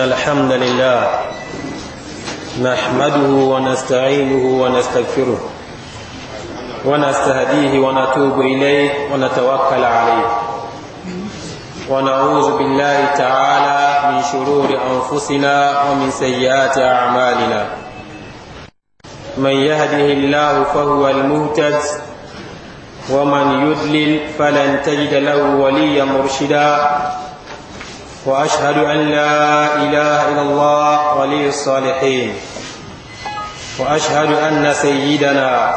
إن الحمد لله نحمده ونستعينه ونستغفره ونستهديه ونتوب إليه ونتوكل عليه ونعوذ بالله تعالى من شرور أنفسنا ومن سيئات أعمالنا من يهده الله فهو المهتد ومن يدلل فلن تجد له وليا مرشدا وأشهد أن لا إله إلا الله ولي الصالحين وأشهد أن سيدنا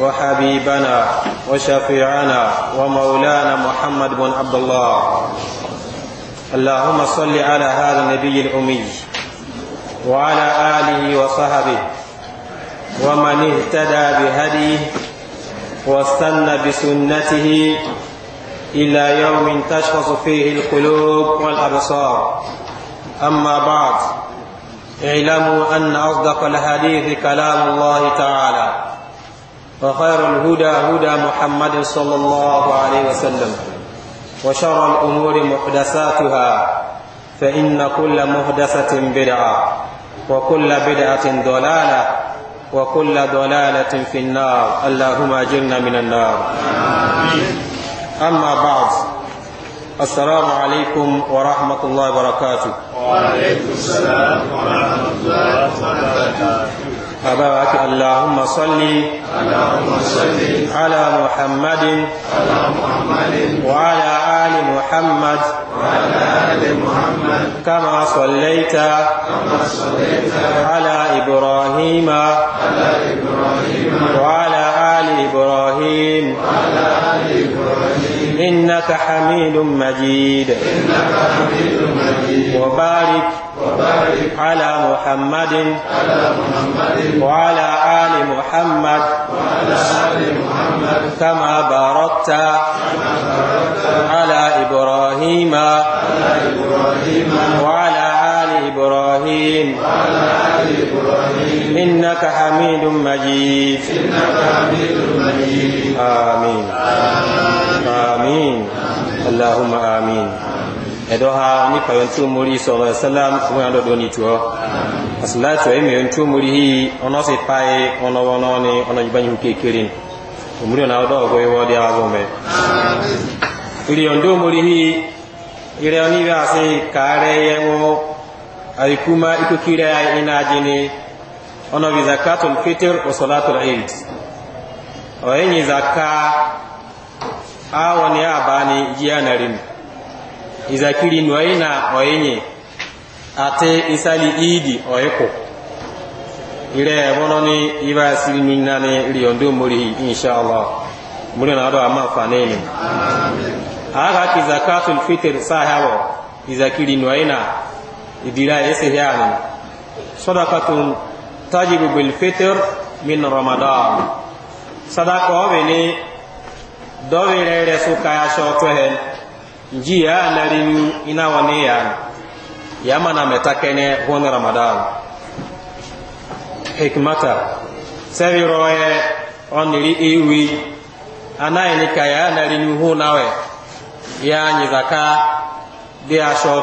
وحبيبنا وشفيعنا ومولانا محمد بن عبد الله اللهم صل على هذا النبي الأمي وعلى آله وصحبه ومن اهتدى بهديه واستنى بسنته إلى يوم تشخص فيه القلوب والأبصار أما بعد اعلموا أن أصدق الحديث كلام الله تعالى وخير الهدى هدى محمد صلى الله عليه وسلم وشر الأمور محدثاتها فإن كل مهدسة بدعة وكل بدعة ضلالة وكل ضلالة في النار اللهم أجرنا من النار آمين. أما بعد السلام عليكم ورحمة الله وبركاته وعليكم السلام ورحمة الله وبركاته أباك اللهم صل اللهم صل على محمد على محمد وعلى آل محمد وعلى آل محمد كما صليت كما صليت على إبراهيم على إبراهيم وعلى آل إبراهيم وعلى آل إنك حميد مجيد وبارك على محمد وعلى آل محمد كما باركت على إبراهيم وعلى إبراهيم وعلى آل إبراهيم إنك حميد مجيد إنك حميد مجيد آمين آمين اللهم آمين ɛdɔha nipa yɛn tó mori sɔrɔ ɛsɛlɛm fún yàrá dɔ ni tuɔ asalatu ɛmi yɛn tó mori hi ɔnɔ si paaye ɔnɔ wɔnɔ ni ɔnɔ yiba yiwu kekere ni omuri yɛn awɔ dɔwɔ kɔyɛ wɔdi awɔ mɛ iri yɛn tó mori hi iri yɛn ni bi ase kaarɛ aikuma iko kira ya ina jini ono bi zakatul fitr wa salatul eid o yenyi zakka awon ya bani jiyanarin izakiri ina o yenyi ate isali idi o eko ire bono ni iba siri nina ni ri ondo muri insha Allah muri na do ama fane ni amin aga ki zakatul fitr sahawo izakiri noina idira ese yani sadaqatun tajibu bil fitr min ramadan sadaqa be ni do be re re su kaya so to hen njiya na rin ina wani ya yama na metake ne hon ramadan hikmata sabi roye on ri iwi anayi ni kaya na rin hu nawe ya nyi zaka de aso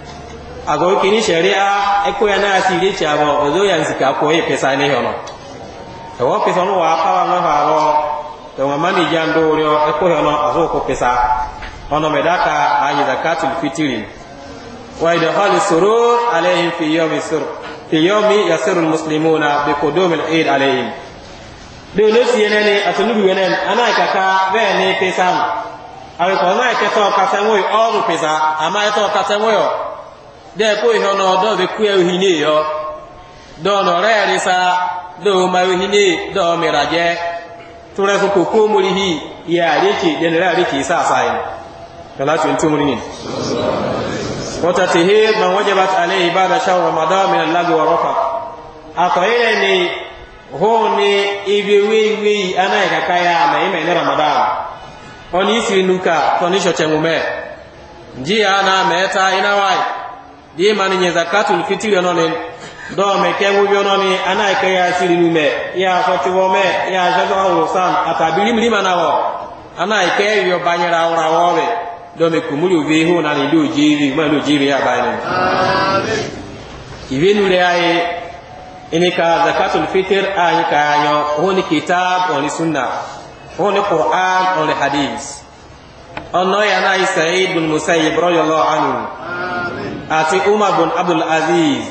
agogo kini sharia eko yana asiri o ozo ya nsika ko e pesa ne yono e wo pesa no wa pa wa ma ro to wa mani jando ryo eko yono azo ko pesa ono medaka ayi zakatul fitri wa idkhal surur alaihim fi yawmi soro fi yawmi yasirul muslimuna bi qudum al eid alaihim de le si ene ni atunu bi wenen ana kaka be ni pesa awe ko na ke to ka se mo o pesa ama e to ka se mo yo dẹ́ẹ̀kọ́ ìhọ́nà ọdọ́bẹ̀kú ẹ̀hìn ní ìyọ́ dọ́ọ̀nà dọ rí sa dọ́ọ̀mà ẹ̀hìn ní dọ́ọ̀mìrà jẹ́ tó rẹ̀ fún kòkó mórí hì ìyà ma wọ́n jẹ́ bá alẹ́ ìbára ṣáwọn ramadan mi lágbè wà rọ́fà ni hóun ni ibi wíwí aná ya àmà ní ramadan ọ ní ìsìn nuka tọ́ ní ṣọ̀tẹ̀ mú mẹ́ jíyà náà iná di mani nye zakatul fitiri ononin do me kengu bi ononi ana ke ya siri nume ya so tiwo ya jazo awu san atabili mlima nawo ana ke yo banyara ora wobe do me kumuli ubi hu na ni do jivi ma do jivi ya bayani amen ibenu le aye ini ka zakatul fitr ayi ka anyo honi kita honi sunna honi qur'an honi hadith ono ya na isaid bin musayyib radiyallahu anhu amen àti umar bin abdul aziz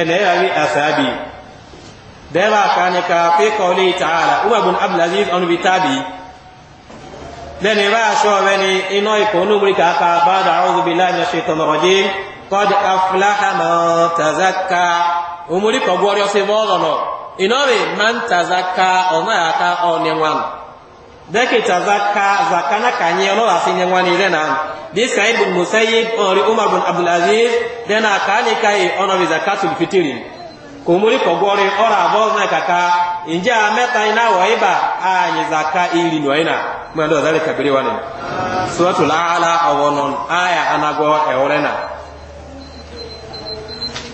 ẹnẹ yà rí àsàbì dẹ́wà kanika fi kọ́lé tààlà umar bin abdul aziz ọ̀nà bi tábì lẹ́ni bá aṣọ rẹ ni iná ikọ̀ onúmúrí kàkà bá dà ọ́nà bí láì ṣe tọ̀nà ọ̀dẹ́ kọ́dí afúláhàmọ́ tàzákà omúrí kọ̀gbọ́rí ọ̀sẹ̀ bọ́ọ̀lọ̀ iná rẹ̀ máa ń tàzákà ọ̀nà àká ọ̀nẹ̀wọ̀n dakita zaka zakana kanye ono asin yan wani lena this guy ibn musayyib or umar ibn abdul aziz dena kani kai ono bi zakatul fitri ko muri ko gore ora abo na kaka inja meta ina waiba anyi zaka ili no ina mwendo zale kabiri wani suratul ala awonon aya anago na.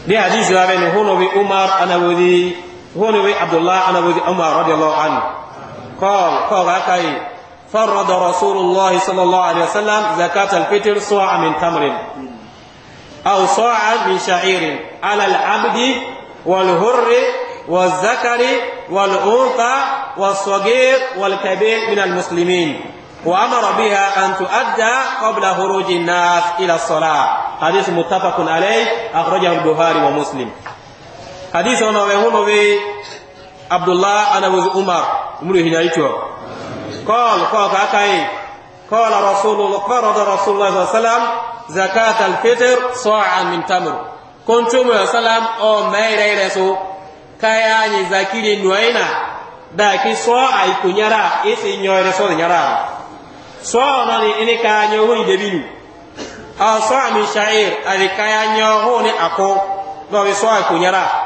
di hadisi wa ben huno bi umar anawudi huno bi abdullah anawudi umar radiyallahu anhu قال قال أكاي فرد رسول الله صلى الله عليه وسلم زكاة الفطر صاع من تمر أو صاع من شعير على العبد والهر والذكر والأنثى والصغير والكبير من المسلمين وأمر بها أن تؤدى قبل خروج الناس إلى الصلاة حديث متفق عليه أخرجه البخاري ومسلم حديث هنا abdullah ana wa umar umru hina ito qal qal ka kai qal rasulullah qarada rasulullah sallallahu alaihi wasallam zakat al-fitr sa'an min tamr kuntum ya salam o mai rai reso kaya ni zakiri nuaina da ki so ai kunyara isi nyoire so nyara so na ni ini ka nyo hu debinu a so ami sha'ir ali kaya nyo hu ni ako do bi so ai kunyara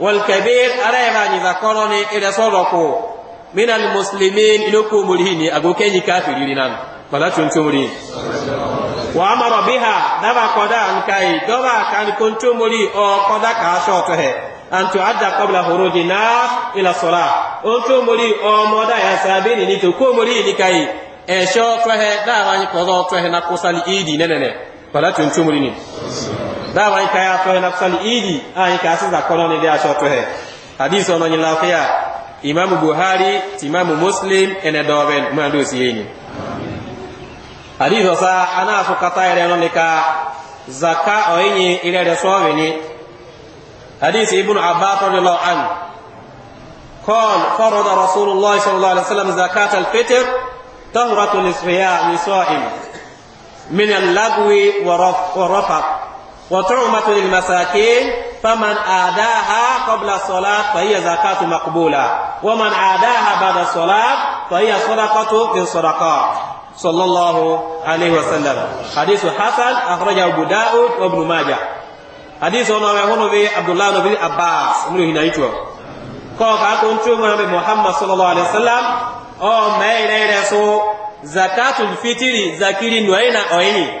والكبير أريباني ذكرني إلى صدقه من المسلمين إنكو مرهيني أقول كي كافر لنا فلا تنتمرين وأمر بها دبا قدا أنكاي دبا كان كنتمري أو قدا كاشوته أن تعد قبل خروج الناس إلى الصلاة أنتمري أو مدى يسابيني نتكمري لكي ẹ̀ṣọ́ tọ́hẹ́ dáàwà ní kọ̀ọ̀tọ́ tọ́hẹ́ na kó sálì ìdí nẹ́nẹ̀nẹ̀ pàdátí ń túnmù nínú dawa ika ya to na kusali idi a ika sasa kono ni dia shoto he hadisi ono ni lafia imam buhari imam muslim ene doben mwandu siyeni hadisi sa ana so kata ile ono nika zaka oyenye ile ile so ni hadisi ibn abbas radhiyallahu anhu قال فرض رسول الله صلى الله عليه وسلم زكاة الفطر طهرة للصيام لصائم من اللغو ورفق. وطعمة للمساكين فمن آداها قبل الصلاة فهي زكاة مقبولة ومن آداها بعد الصلاة فهي صدقة من صدقات صلى الله عليه وسلم حديث حسن أخرجه أبو داود وابن ماجه حديث هنا هنا في عبد الله بن عباس من هنا يتوى قال كنت محمد صلى الله عليه وسلم أو ما إلى رسول زكاة الفطر زكير وين أين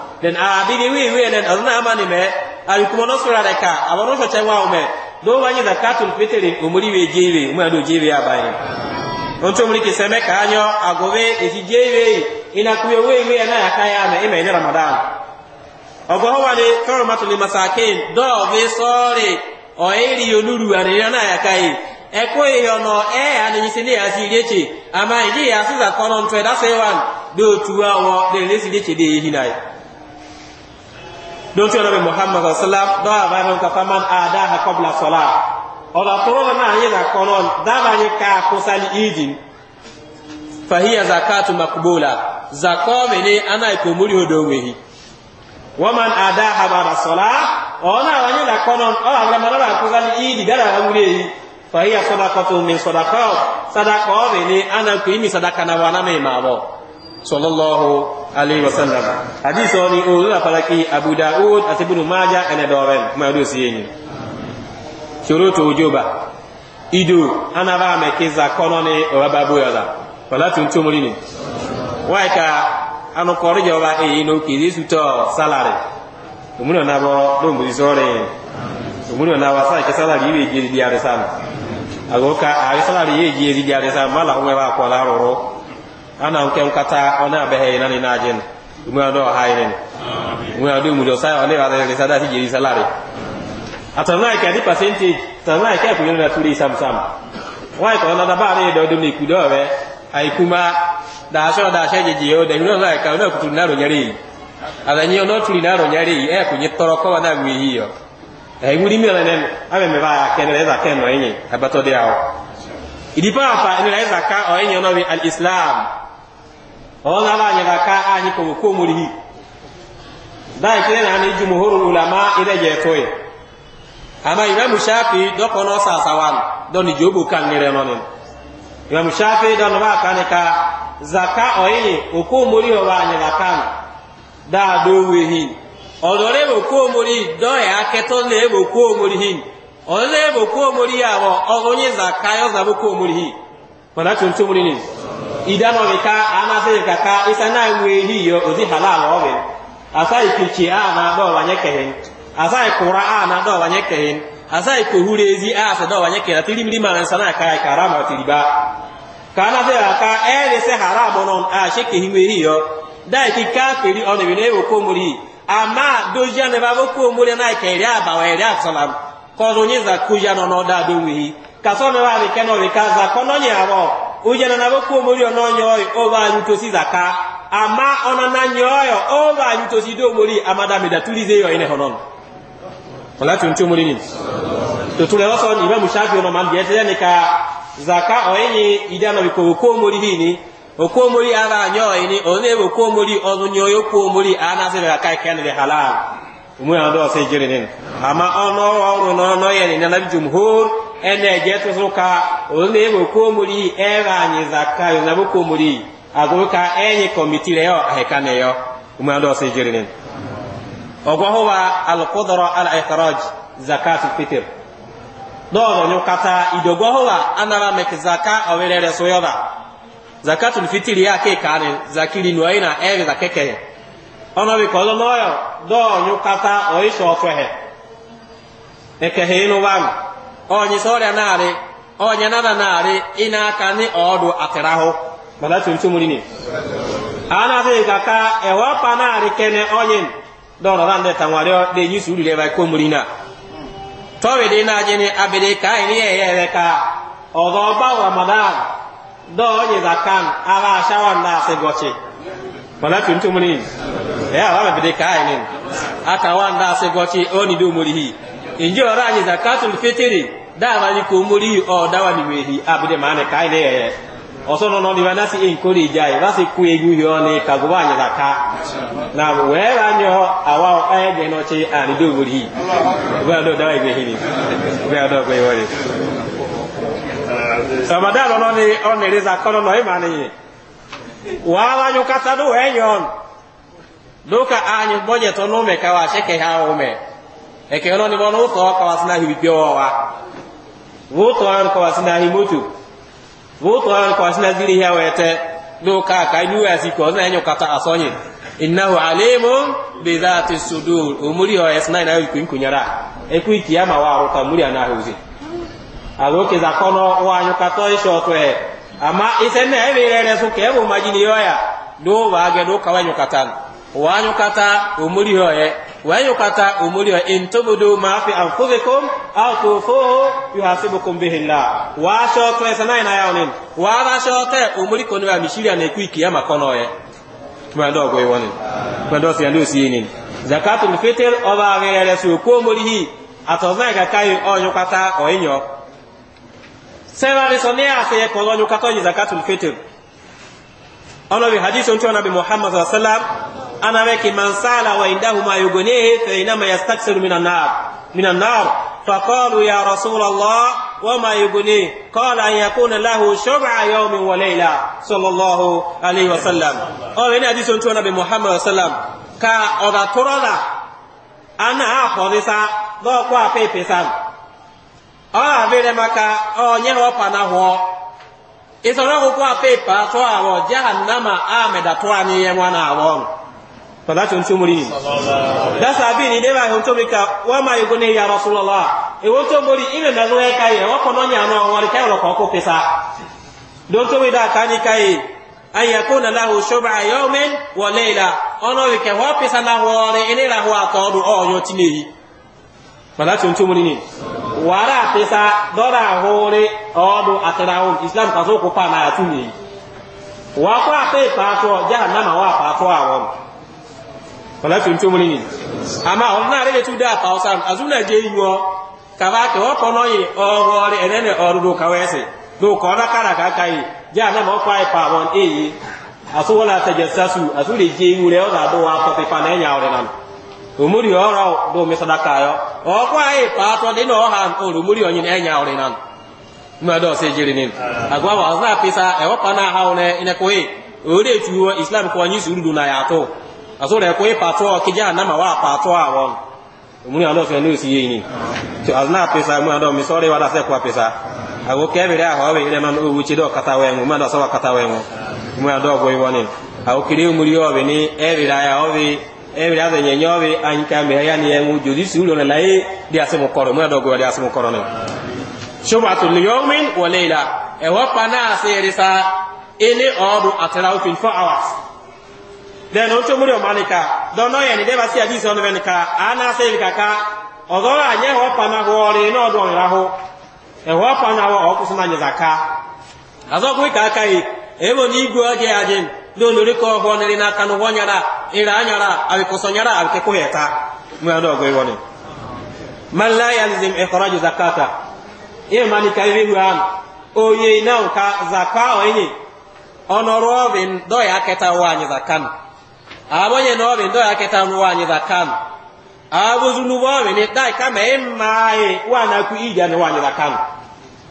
den abidi ah, wi wi nen aruna amani me ari ah, kuma ah, no sura chenwa ume do wanyi zakatul fitri umuri we jewe umu ado jewe abaye onto muri ka kanyo agobe esi jewe ina kuwe we we na oh, eh, yakaya eh, eh, me ime ne ramadan ogo ho wani toro matuli masakin do vi sori o eri oluru ani na yakai ẹkọ ìyọ̀nà ẹ̀ àdìyísílẹ̀ àti ìdíyẹ̀tì àmà ìdíyẹ̀ asị ìzàkọ́nà 12 that's 1 dóòtú donti ona be muhammad sallam do aba non ka faman adaha qabla salat ona korona na yina konon daba ni ka kusali idin fahiya zakatu makbula zakome ne ana ko muri hodonwehi waman adaha ba'da salat ona wani la konon ona abra manara kusali idi dara hangulehi fahiya sadaqatu min sadaqat sadaqome ne ana ko imi sadaka na wana me mawo sallallahu alayhi wa sallam hadith oni o la falaki abu daud àti ibn majah ene doren ma do si yin shurutu wujuba ido anaba me kiza kono ni o babu yala wala tun tumuri ni wa ka anu kori je wa e no kiri suto salary umuno na bo do mbi sore umuno na wa sai ke salary ibe je di are sana agoka ari salary ye je di are sana mala umwe ba kwa la roro ana nke nkata ona abehe na ni najin umwe do haire ni umwe do mu do sai ona ba ni sada ti jiri salary atana ke di percentage tana ke ku yona turi sam sam wai ko na da ba ni do do ni ku kuma da so da she ji yo da yuna na ka na ku turi na ro nyari ala nyi ona na ro nyari e ku nyi toro ko na gwi hiyo ai muri mi na ne ame me ba ya kenele za kenno yenye abato de ao idipa apa ni laiza ka o yenye al islam ona la nyaba ka anyi ko ko murihi dai kile na ni ulama ile je toy ama imam shafi do kono sa sawan do ni jobo kan ni renonin imam shafi do no ba kan ka zaka oyin ko muri o ba nyaba kan da do wehi odore bo ko muri do e ya keto le bo muri hin ole bo ko muri ya bo onye zaka yo za bo hi mana tuntun muri idano vika ana se kaka isana wehi yo ozi halal oven asai kichi ana do wanye kehen asai kura ana do wanye kehen asai kohurezi asa do wanye kehen atili mlima na sana kai karama tiliba kana se kaka ele se haram non a sheke hiwehi yo dai ki ka peri on bi ne wo ko muri ama doja ne ba wo ko muri na kere aba wa ere asalam ko ro nyiza kuja no no da do wi ka so ne wa bi keno bi ka za kono nyawo ujana na boku omori ono nyoyo oba anyutosi zaka ama ona na nyoyo oba anyutosi do omori amada meda tulize yo ine honono wala tuntu omori ni to tule waso ni ba mushafi ono mambi etele ne ka zaka oyenye idana biko ko omori hini okwo omori aba nyoyo ni one bo ko omori ozo nyoyo ko omori ana se ka kenele halal umwe ando se jere ne ama ono ono no yene na bi jumhur ene je tuzuka ole we komuri era nyizaka yonabu komuri agoka enyi komiti leo ahekane yo umando sejirinen ogwa huwa alqudra ala ikhraj zakat alfitr dozo nyukata idogwa huwa anara mek zaka awelele soyoba zakat alfitr yake kane zakili nwaina ere zakeke ono bi kolo noyo do nyukata oisho ofehe ekehe inu wangu onye sọ ọrịa naarị onye nara naarị ị na-aka ní ọdụ atịrahụ mana tuntum rini a na ka ka ewapa naarị kene onye dọrọra ndị tanwarịọ dị enyi suru rere ko muri na tọrị na-ajị ni abịrị ka anyị ya ya ere ka ọzọ ọgba ramadan dọọ onye zakan agha shawa ndị asị gọchị mana tuntum rini ya awa mebiri ka anyị wa ndị asị gọchị o nido murihi inji ọrụ anyị zakatul fitiri dáàbà ní kò mórí ọ̀dáwà ní wèhì àbúdé máa ní káì lẹ́yẹ̀ ka ọ̀sọ́nà náà ni wọ́n náà sì yìí wọ́n kú egwu yọ ní kàgbọ́wà àyàlá ká na wẹ́ẹ́rà ní ọ àwa ẹ̀ẹ́dẹ̀ náà ṣe àrídó wòrí yìí ọgbẹ́ ọdọ ọdáwà ìgbéhìn ni ọdọ ni ló yọ lóka ẹ̀kẹ́ voto an kwa sina himoto voto an kwa sina zili ya wete do ka ka ni wa si ko na nyo kata asonye innahu alimun bi dhati sudur umuri ho esna na ku kunyara e ku kiyama wa ro ka muri ana hozi aloke za kono wa nyo kata isho to he ama isene e bi rere su ke bu majini yoya do wa ge do ka wa nyo kata wa nyo kata umuri ho he wayukata umuri wa intubudu ma fi anfusikum aw tufuhu yuhasibukum bihi Allah wa sana ina yawnin wa ra shotre umuri konu wa mishiria na kwiki ya makono ye tumando go yoni tumando si ndio si yini zakatul fitr oba gele su ko muri hi atoza ga kai onyukata oinyo sema risonia se ko onyukata ni zakatul fitr ono bi hadithu ntu nabi muhammad sallallahu alaihi wasallam ana weki man sala wa indahu ma yugunihi fa inama yastaksiru minan nar minan nar فقالوا يا رسول الله وما يغنيه قال أن يكون له شبع يوم وليلة صلى الله عليه وسلم أو إن حديث أنتو نبي محمد صلى الله عليه وسلم كا أدا ترولا أنا أخذسا ذو قوى في بيسان أو أبيرمكا أو ينوى فنهو isoro kwa pepa so awo jahannama ameda twani ye mwana awon falacho ntumuri dasa bi ni deba ntumika wa ma yugune ya a e wonto mori ile na zoe kai wa kono nya no wa kai lo ko pesa don to wida kani aka an yakuna a shub'a yawmin wa layla ono ke wa pesa na hore ile la wa ko du o wara pesa dora hore odu atiraun islam kaso ko pa na atuni wa kwa pe pa to jahannama wa pa to awon wala tun tu mulini ama onna re tu da pa osan azuna je yo kava ke o kono yi o hore enene orudo kawese do ko na kara ka kai jahannama kwa pa awon eyi aso wala tajassasu asule je yure o da do wa pa pe pa na omuri oro do mi sadaka yo okwa e pa to de no ha oru muri onyin enya ori nan no do se jiri ni ah. agwa wa za pisa e wo pana ha one ine ko e ore tuwo islam ko onyi suru do na ya to aso re ko e pa to ki ja na ma wa pa to awon omuri alo fe ni si yi ni to azna pisa mu ado mi sore wa da se ko pisa agwo ke bi re ha we ire man owu chi do kata we mu ma do so wa kata we mu mu ado go i woni agwo kire omuri o bi ni e bi ra ya o bi ebire azɛ nyɛ nyɔɔ bi anyi ka mɛ ya ni yɛ ŋu jodi si wulɔ la ye di ase mu kɔrɔ mu yɛ dɔgɔ di ase mu kɔrɔ ne. sobatu liyɔmin wɔle la ɛwɔ pa naa sa ele ɔɔdu atara ofin four hours. dɛn o tó múri ɔmá ni ka dɔnɔ yɛ ni dɛba si a di sɔn ne bɛ ni ka a se yɛrɛ ka ka ɔdɔ la nyɛ ɛwɔ pa na wɔɔri n'ɔdu ɔnira ho ɛwɔ pa na wɔ ɔkusu na nyɛ zaka azɔkun kaka yi ebo ni igu ɔjɛ adi lónìí orí kọ́ ọ̀hún ní akanu wọ́n nyara ìrà anyara àbíkọ́sọ̀ nyara àbíkẹ́kọ́ yẹ ta mú ẹ náà gbé wọlé. mala yalizim ẹ̀kọ́rọ̀ ju zakata yíyẹ maa ní ka ibi hu hàn oyè náà ka zaka ọ̀yìn ọ̀nọ̀rọ̀ ọ̀bìn dọ́ọ̀yà kẹta wọ́ ànyì zakan àbọ̀nyẹ náà ọ̀bìn dọ́ọ̀yà kẹta wọ́ ànyì zakan àbọ̀zunu wọ́ ọ̀bìn dáì ká mẹ́ẹ̀ máa yẹ wọ́n àná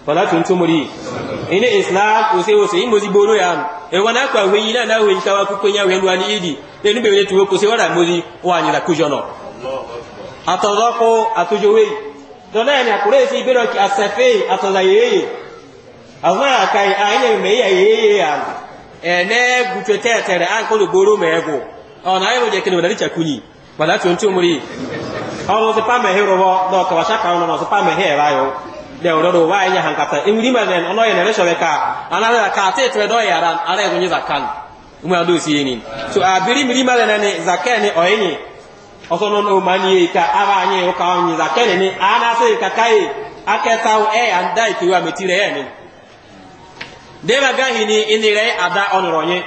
ọ̀lá tó ń tó mórí inú islam kò sí oṣù ìmòsí gbóòrò ya ẹ̀wọ̀n náà pàwé yìí náà náà wèyí káwà kúkú yá wẹ́nu alẹ́ ìdì nínú bèèrè tí ó kò sí wọ́n náà mórí wà ní làkújọ́nà àtọ̀rọ́kọ́ àtọjọ́wé dọ́lá ẹni àkúrẹ́ sí ìbẹ̀rọ̀ ya àtọ̀láyẹ̀yẹ̀ àwọn ya àyẹ̀ mẹ́yẹ̀yẹ̀ ẹ̀ẹ́nẹ́ gùtù tẹ́ẹ̀tẹ̀rẹ̀ àkọlù gbóró mẹ́ẹ̀gù ọ̀nà ayé mọ̀jẹ̀ kí ni wọ́n dàrí ọ̀nà tí ó ń tí ó múrí ọ̀nà sí pàmẹ̀hẹ́ rọwọ́ lọ́ọ̀kọ̀wàṣá kan ọ̀nà sí pàmẹ̀hẹ́ ẹ̀ráyọ̀ de ododo wa nya hankata e wuri ma den ono ye ne resho ka anara ka te tre do yara ara egunyi zakan umu ado si yini so abiri miri ma den ne zakani oyenyi osono no mani e ka zakani ni ana se ka kai aketa o e anda e tiwa metire ye ni de ba gahi ni inire ada onoronye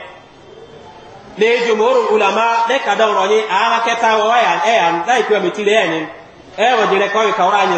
de jumhur ulama de kada onoronye ara keta o e anda e tiwa metire ye ni e wajire ko ka ora ni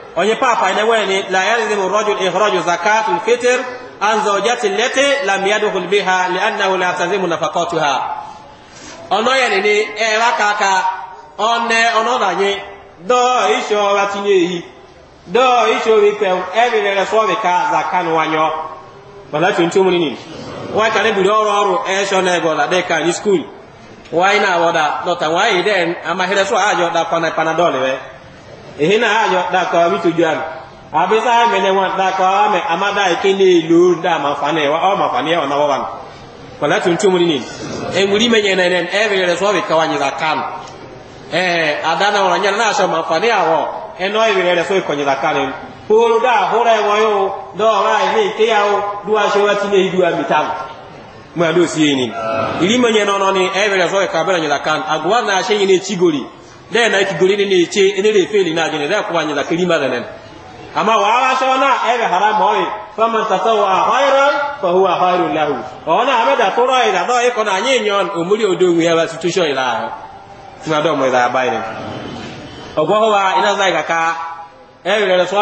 onye papa inaweni la yalzimu rajul ikhraju zakatul fitr an zawjati allati lam yadkhul biha li'annahu la tazimu nafaqatuha ono yani ni e wa kaka one ono danye do isho wa tinye yi do isho wi pe ebi le so bi ka zakan wanyo bala tun tun ni wa ka le bi oro oro e so na go la de ka ni school wa ina woda do ta wa ide amahire so ajo da ehina ayo da ko mi tuju an abisa me ne wan da ko me amada ke ne lu da ma fa ne wa o ma fa ne wa na wa wan wala tun tu muri ni e muri me ne ne e be le so be ka kan eh adana wa nya na e, so ma fa ne awo e no e be le so ko nyi da kan poro da hore wo yo do ra e ni ke ya o du a so wa ti ne du a mi tam mo do si e ni iri me ne ni e be le so ka be nyi da kan agwa na se ni chigori dai na ki eh, gori ne ce ina re fe ni na gine da kuma ni da kalima da nan amma wa ala shawna ai ga haram oi faman tasawwa khairan fa huwa lahu ona oh, amada toro ai da dai ko na nyi nyon omuri odo wi ya situation ila oh, eh, oh, na do mo ila bai ne ogwo wa ina zai ga ka ai re so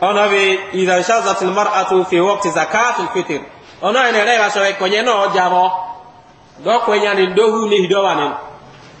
ona bi idha shazat al mar'atu fi waqti zakat ona ina re ga so ko nye no jabo ni do hu ni do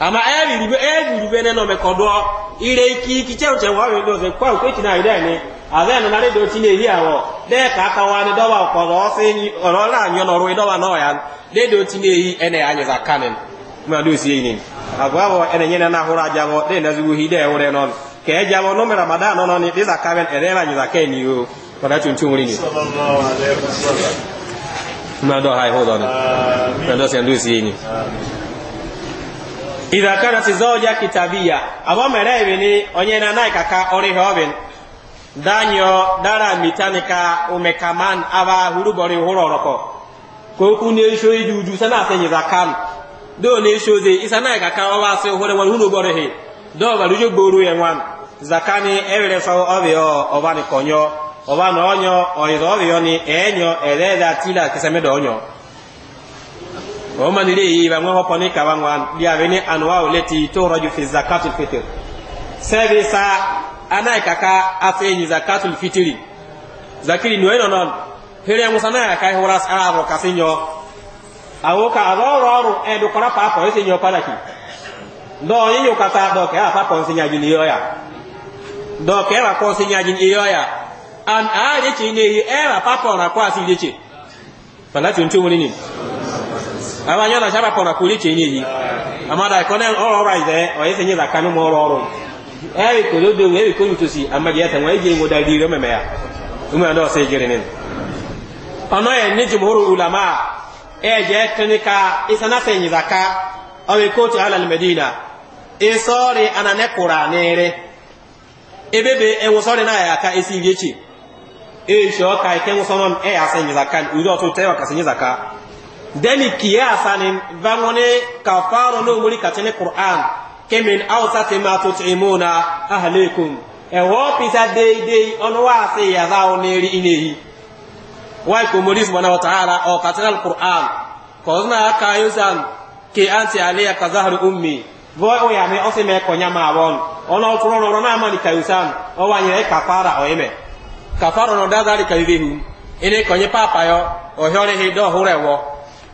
ama ɛyiri bɛ ɛyiri bɛ nɛ nɔmɛ kɔdɔ ire ki kitsɛw tsɛ wɔ awi dɔsɛ kɔ ɔkɔ etsina ayi dɛ ni avɛ nana de do ti ne hi awɔ dɛ kaka wani dɔwɔ kɔdɔ ɔsi ɔlɔ la nyɔnɔru yi dɔwɔ nɔya de do ti ne hi ɛnɛ anyisa kanin do si yi ni agbawɔ ɛnɛ nyɛ nana ahoro na zugu hi dɛ ɛwɔ dɛ nɔni kɛɛ dzawɔ nɔmɛ ramadan nɔnɔni de za ni o kɔdɔ tuntun wuli ni kuma dɔ ha iho dɔni kuma dɔ sɛ do si idha kana sizoja kitabia abo mere ebe ibini onye na nai kaka ori hobin danyo dara mitanika umekaman aba hurubori huroroko ko kune sho ijuju sana senyi zakam do ne sho ze isana kaka oba se hore wan hurubori he do ba rujo gboru yenwan zakani ewere so obi o oba ni konyo oba no onyo oizo obi oni enyo eleda tila kisemedo onyo وهم لي بما هو بني كوان ليابني انواع التي تورج في زكاه الفطر سيدي سا انا كاكا اتي زكاه الفطر zakiri ni wena non hele musa na ka horas araro kasinyo awo ka aroro oro e do kora pa ko sinyo palaki do yin yo kata do ke apa ko sinya jin yoya do ke ba ko sinya jin yoya an a de chi ne ni abanyona shaba kona kuli chenyeji amada kone all right there o yese nyiza kanu mo roro eyi kolodo ebi konyu e tosi amadi yata ngwa ije ngoda diro memeya umwe ndo se jere ne ono ye ni jumhuru ulama a e je tenika ka o medina ebebe wo na ya esi yechi echi sho ka ke wo sonon e asenyiza kan otu deni kiyasa ni vangone kafaro no muri katene qur'an kemin awsati ma tut'imuna ahlikum e wo pisa deidei ono wa se ya za oneri inehi wa ko muri subhanahu wa ta'ala o katene na ka yusan ke anti aliya ka zahru ummi o ya me o se me ko nyama won ono turo ro na ma ni ka yusan o wa e kafara o ime kafaro no ka yihu ene ko papa yo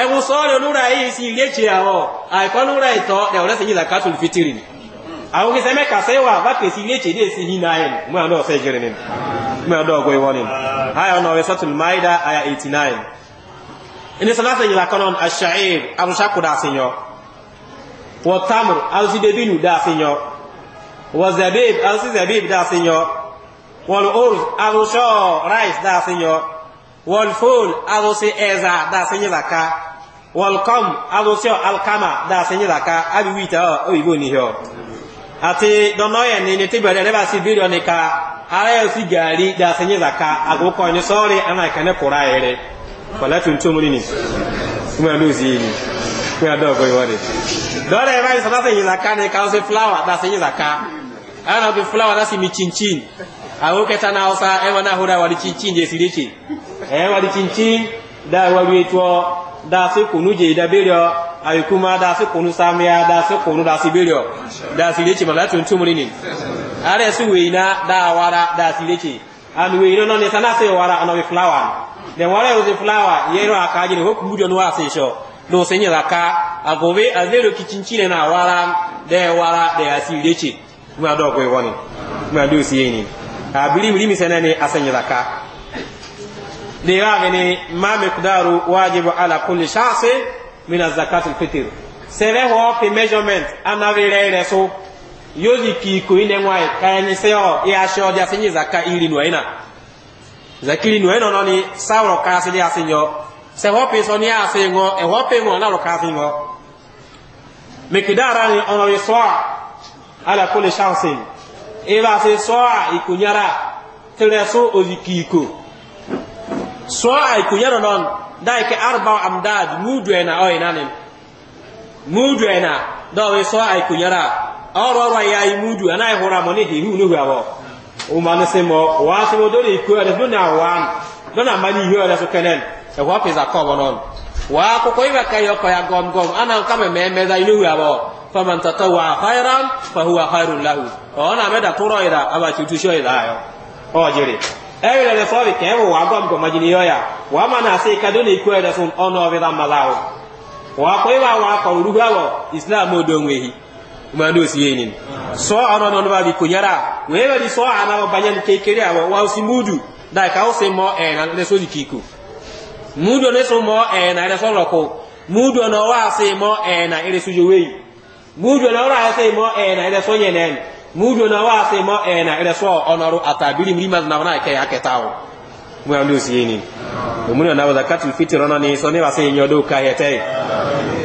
ẹ̀wọ̀n sọ́ọ̀rì onúra yìí sí ilé ṣe àwọ̀ àìkọ́núra ìtọ́ ẹ̀wọ̀n lẹ́sìn yìí làkàtún fitiri ni àwọn kìí sẹ́mẹ́ kàṣẹ́wà bá kèsì ilé ṣe dé sí yìí náà yẹn mú àdó ọ̀sẹ̀ ìjẹrin ni mú àdó ọgọ́ ìwọ ni ayà ọ̀nà ọ̀rẹ́ sọ́tún maida ayà 89 ẹni sọ́láṣẹ́ yìí làkọ́nà aṣáìr abúṣákù dá sí yan wọ́n tamur alùsí débìnú dá sí yan wọ́n zabib alùsí zabib dá sí yan wọ́n orus alùsọ́ rice dá sí والفول أغسي إذا دا سنجدك والقم أغسي القمة دا سنجدك أبي ويتا أو يبوني هو àti dọ̀nọ́yẹ̀ ni ní tí bẹ̀rẹ̀ rẹ́bà sí bírí ọ̀nìka ara yóò sì gàárí dáṣẹ́yí zaka agogo ẹni sọ́ọ̀rì ana ìkànnì kura ẹ̀rẹ́ pẹ̀lẹ́tù tó múrí ni fún ẹlú sí yìí fún ẹdọ́ ọgbọ̀ ìwọ́de dọ́rẹ̀ ẹ̀rọ ìsọ̀dáṣẹ́yí zaka ni káwọ́sí fúláwà dáṣẹ́yí zaka ẹ̀rọ bí fúláwà dáṣẹ́yí mi chinchin ahoketa e na hausa ɛn wa na ahora wali cincin je siriki ɛn e, wali cincin da wali etuɔ da se kunu je da beriɔ ayi kuma da se kunu samiya da se kunu da se beriɔ da siriki ma lati ntumuri ni ara su weina da wara da siriki and weina no ne sana se wara ana we flower then wara yo flower yero akaji ne hoku bujo no wa se sho do se nyala ka agobe azero kicincin na wara da wara da asiriki kuma do ko woni kuma do siyeni abiri ah, wili misana ne asanya zaka da ya gani ma miqdaru wajibu ala kulli shakhsin min az-zakat al-fitr sere ho pe measurement anavi rere so yozi ki ko ine ngwai kaya ni seyo ya sho dia sinyi zaka ili no ina zakiri no ina no ni sawro ka se dia sinyo se ho pe so ni ase ngo e ho pe ngo na ro ka sinyo miqdara ni ono ri so ala kulli shakhsin ịba sị sọọ a ikonyara tere so ozikiko sọọ a ikonyara nọn daike arba amdad mudu ena oyi nanim mudu ena dọwe sọọ a ikonyara ọrụ ọrụ ya yi mudu anaghị hụrụ amọ n'ihi ihu n'ihu abụọ ụmanụ sị mọ waa sị mọ dọna iko ọrịa dọna awa dọna mmanụ ihu ọrịa so kenen ẹhụ apịza kọbọ nọn waa akwụkwọ ịba ka ya faman tatawa khairan fahuwa khairun lahu ona meda turo ida aba tutusho ida yo ojiri ewe le fobi ke wo agom ko majini yoya wa mana se kadoni ku ida sun ono bi da malawo wa ko iwa wa ko rugawo islam odo nwehi mando si yeni so ono no ba bi kunyara wewe di so ana banyan kekere awo wa simudu da ka o se mo e na le so di kiku mudu ne so mo e na le so loko mudu no wa se mo e na ile sujo weyi mujo na ora hase mo ena eh ile so yenen mujo na wa se mo ena eh ile so onoru atabiri mlima na wana ke aketao mwa ndio sieni omuri na zakatul fitr ona ni so ne ba se nyodo ka hete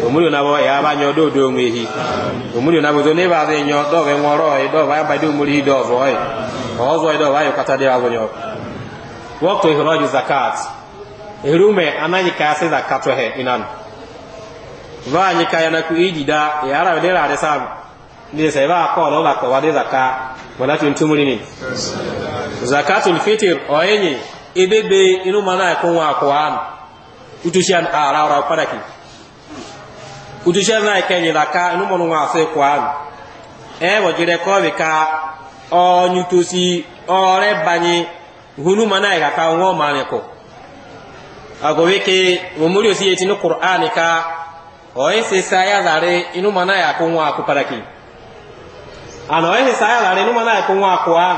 omuri na e, wa ya ba nyodo do nwehi omuri na bo ne ba se nyodo we ngoro e do ba ba do muri do zo e ozo e do ba yokata de azo nyo waqtu ikhraj zakat erume ananyika se zakatwe he inana vanyi kayana ku ijida ya e arabe de rade sabu de sai ba ko lo ba ko wa de zakka wala tun tumuri ni zakatul fitr oyenye ebebe inu mana e ko wa ko an utushan ara ara padaki utushan na e kenye zakka inu monu wa se ko an e wo jire ko bi ka onyu tosi ore banyi hunu mana ka ka wo mane ko agoweke wo muri osi yeti no ka oye sesa ya zare inu mana ya ko nwa ko paraki ana oye sesa ya zare inu mana ya ko nwa ko am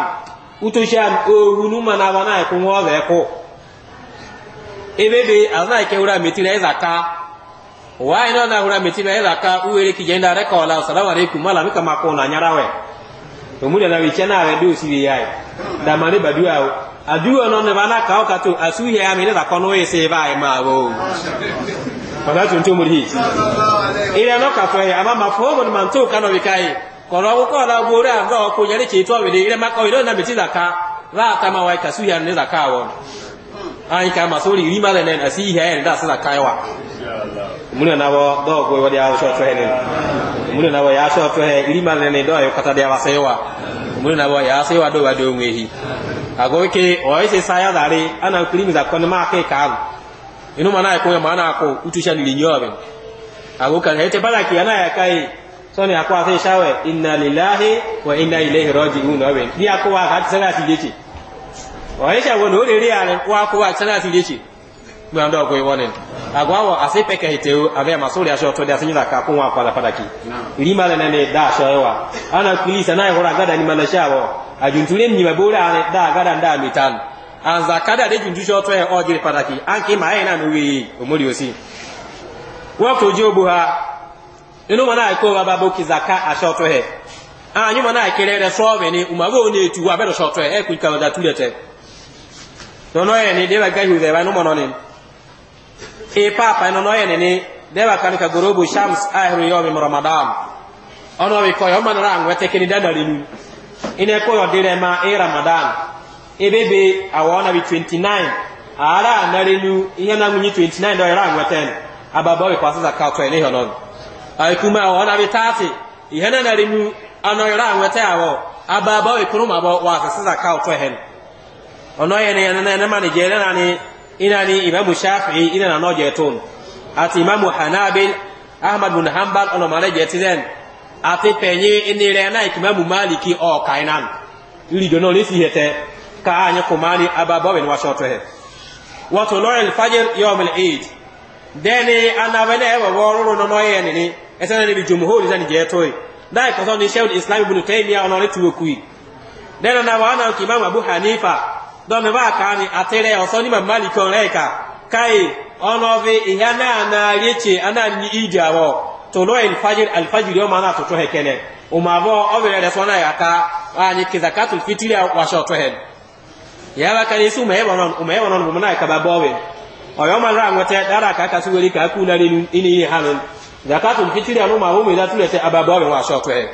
uto sham owu nu mana wa na ya ko nwa be ko ebebe ana ke ura metira ya zaka wa ina na ura metira ya zaka uwere ki jenda re ko la assalamu alaikum mala e mika mako na nyarawe omuri na wiche na we do si ya da mare badua o aduo no ne bana ka o ka to asuhi ya mi ne da kono ese ba e e ma bo fanatu nti omuri ire no ka fe ama mafhumu man tu kana bikai koro ko kola gura ga ko nyari ke to bide ire mako ire na biti zaka ra kama wai kasu ya ne zaka wo ai ka ma sori rima da nen asi he da sa zaka wa muna na wo do go wadi a so to he ne muna na wo ya so to he rima ne ne do yo kata da wa sai wa muna na wo ya sai wa do wa do ngwe hi agoke o ise saya dare ana krimi zakon ma ke kan inu mana ya koya mana ko utusha lilinyobe aguka hete bala kiyana ya kai so ni akwa sai shawe inna lillahi wa inna ilaihi raji'un abe ni akwa ka tsara ti jeje wa yesha wo no rere ya wa ko wa tsara ti jeje gba ndo ko iwonin agwa wo ase peke hete o ave ma sori aso to dia sinira ka kun wa kwala padaki rima le ne da aso ana kulisa na ihora gada ni malasha wo ajuntule ni mabora da gada nda mitan anza kadi adeju njusho to e ojiri pataki anki ma e na no wi omori osi wa ko jobu ha inu mana e ko baba boki zaka asho to he anyi mana e kere re so be ni umago ni etu wa be do so e ku ka da tulete no no e ni de ba gahi de ba no mono ni e papa no no e ni de ba kan ka gorobu shams ahru yawmi ramadan ono wi ko yo manara ngwete kini dadalinu ine ko yo dire ma e ramadan ebebe awona bi 29 ara narenu ihe na nwunye 29 do ira ngweten ababa we kwasa ka to ene honon ai kuma awona bi 30 ihe na narenu ano ira ngwete awo ababa we kuru mabo wa sasa ka to hen ono ye ne na ne na ni ina ni imamu shafi'i ina na ati imamu hanabil ahmad bin hanbal ono je ati na maliki o kainan iri le si hete كأني كماني أبا بابن وشوته وطلوع الفجر يوم العيد دني أنا بني أبا بورو نوي يعني أتانا نبي جمهور زان جيتوي داي كثون شيخ الإسلام ابن تيمية أنا لتو كوي دنا أنا وأنا كإمام أبو حنيفة دون ما كاني أتري أصلي ما مالك ريكا كاي أنا في إهانا أنا ليتي أنا نيجي أبو tolo alfajir alfajir yau mana toto hekene umabo obere resona yaka ani kizakatul fitri wa shoto hen yaba ka yesu umaye wonon umaye wonon bumuna ka babowe oyo man ra ngote dara ka ka suweri ka ku na rinu ini hanon zakatu fitiri anu ma umaye da tulete ababowe wa shotwe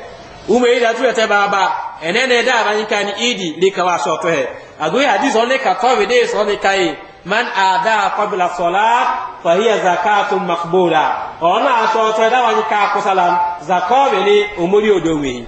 umaye da tulete baba enene da abanika ni idi lika wa shotwe agoye hadis only ka towe de so ne kai e, man ada qabla salat fa hiya zakatun maqbula ona so to da wa ni ka kusalam zakawe ni umuri odowe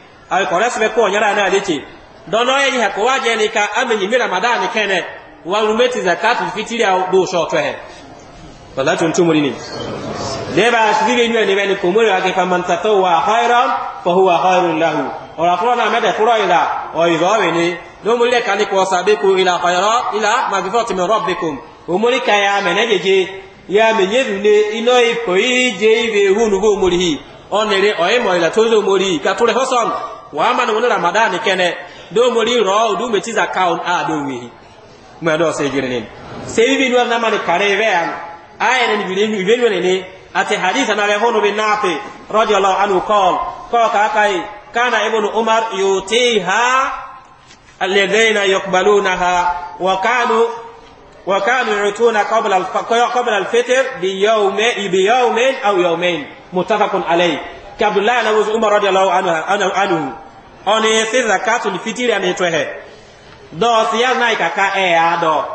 alkores be ko nyara na alichi dono ye ha ko waje ni ka amenyi mi ramadan kene wa rumeti zakat fitiri au do so to he wala tun tumuri ni deba sibi ni ni bani komori wa ke faman tatawa khairan fa huwa khairun lahu ora ko na mede ko ila o ido we ni do mo le kan ko sabe ko ila khaira ila magfirati min rabbikum o mo ka ya menejeje ya menyedu ne ino ipo ije ibe hunu go mori hi onere o e mo ila tozo mori ka tore hosan wama na wani ramadani kene do mori ro du me tiza kaun a do wi ma do se jirne se bi no na mani kare ve an aya ne bi ne bi ne ne ate haditha na le hono bi nafi radiyallahu anhu qol ko ka kai kana ibnu umar yutiha alladhina yaqbalunaha wa kanu wa kanu yutuna qabla al qabla al fitr bi yawmin bi yawmin aw yawmin muttafaqun alayh kí abdullahi na wusu umar radiyallahu anu oni si zakatu fitiri ani twehe do si ya na ikaka e ya do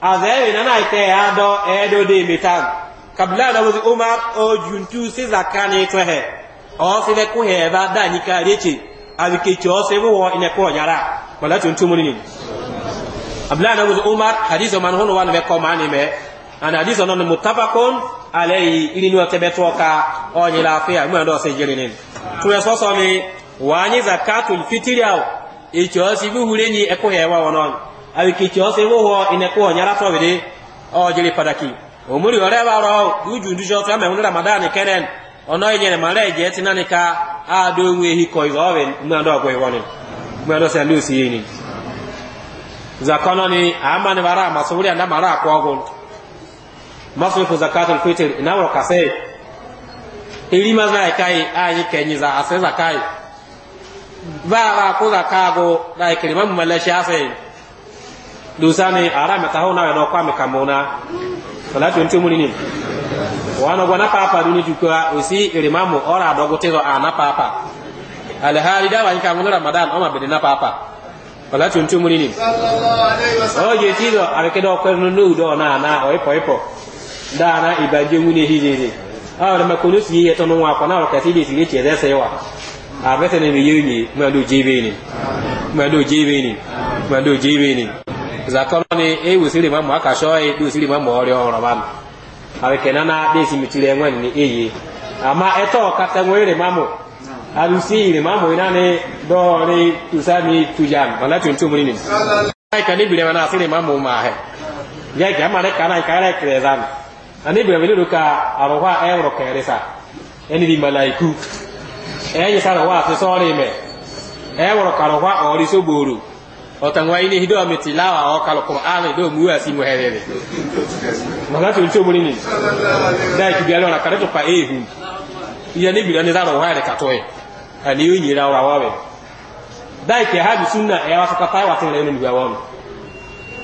azewi na na ite ya do e do de mitan kabla na wusu umar o juntu si zakani twehe o si le kuhe ba da ni ka reche abike cho se wo ine ko yara wala tuntu abdullahi na wusu umar hadithu man hono wan be ko mani me Ana hadith on the mutabakun alayhi ili ni wakebe tuoka onye la afia mwe ndo sejiri nini tuwe soso mi wanyi zakatu mfitiri au ichosi buhure ni ekuhe wa wanoni awi kichosi buho inekuwa nyara tobidi ojili oh, padaki omuri ore ba ro uju ndujo to me hunira madani keren ono yenye mare je tinani ka ado enwe hi ko iwowe mwe ndo ogwe woni mwe ndo se lusi yini zakono ni amani bara masuri anda mara kwa ogun masrifu zakatul fitr inawo kase elima iri ma zai kai ayi kenyi za asai zakai ba ba ko zakago da kirman malashi asai dusa ne arama ta hauna na kwa mikamona salatu nti mulini wana gwana papa duni jukwa usi irimamu ora adogotezo ana papa alhali da wani kamuna ramadan oma bidina papa salatu nti mulini sallallahu alaihi wasallam oje tido akedo kwenu nudo na na oipo ipo, ipo dana ibaje ngune hijeze awar makono si ya tanu wa kana wa kasidi si yace zai sayawa a bata ne mai yuni ma do jebe ne ma do jebe ne ma do jebe ne zakaro ne e wusiri ma mu aka so siri ma mu oro ba awe kenana de si mitire ngwan ni eye ama eto kata ngwere ma mu alusi ile ma mu ina ne do re tusami tujan wala tuntum ni ni kai kanibire mana asire ma mu ma he ya ga mare kana kai kai kire ani bɛ wele do ka arɔhɔ a ɛyɔrɔ sa ɛni ni malayiku ɛyɛ sa arɔhɔ a ti sɔɔri mɛ ɛyɔrɔ ka arɔhɔ a ɔri so booro ɔtangwa yi ni hi dɔɔ mi ti la wa ɔ kalu kɔn aani dɔɔ mu a si mu hɛrɛ de maka tun tso muni ni daa kibi alɔ la kare to pa ee hu iye ni bi dɔɔni sa arɔhɔ yɛrɛ ka tɔ ye ani yɛ nyere awɔ awɔ bɛ daa kibi ha bi sun na ɛyɛ wa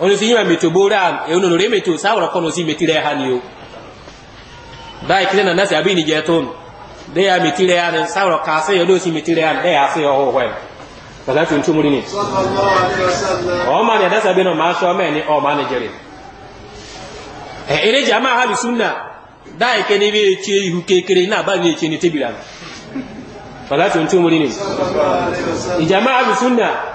onu si yima meto bora e ono re meto sa wala kono si metire ha ni o bai kile na nasi abi ni jeton de ya metire ha ni sa wala ka se yodo si metire ha de ya se o ho wen kala tun tumuri ni sallallahu ni dasa be no ma so me ni o ni jere e ere jama ha sunna dai ke ni bi eche ihu kekere na ba ni eche ni tebira kala tun tumuri ni sallallahu alaihi wasallam ijama sunna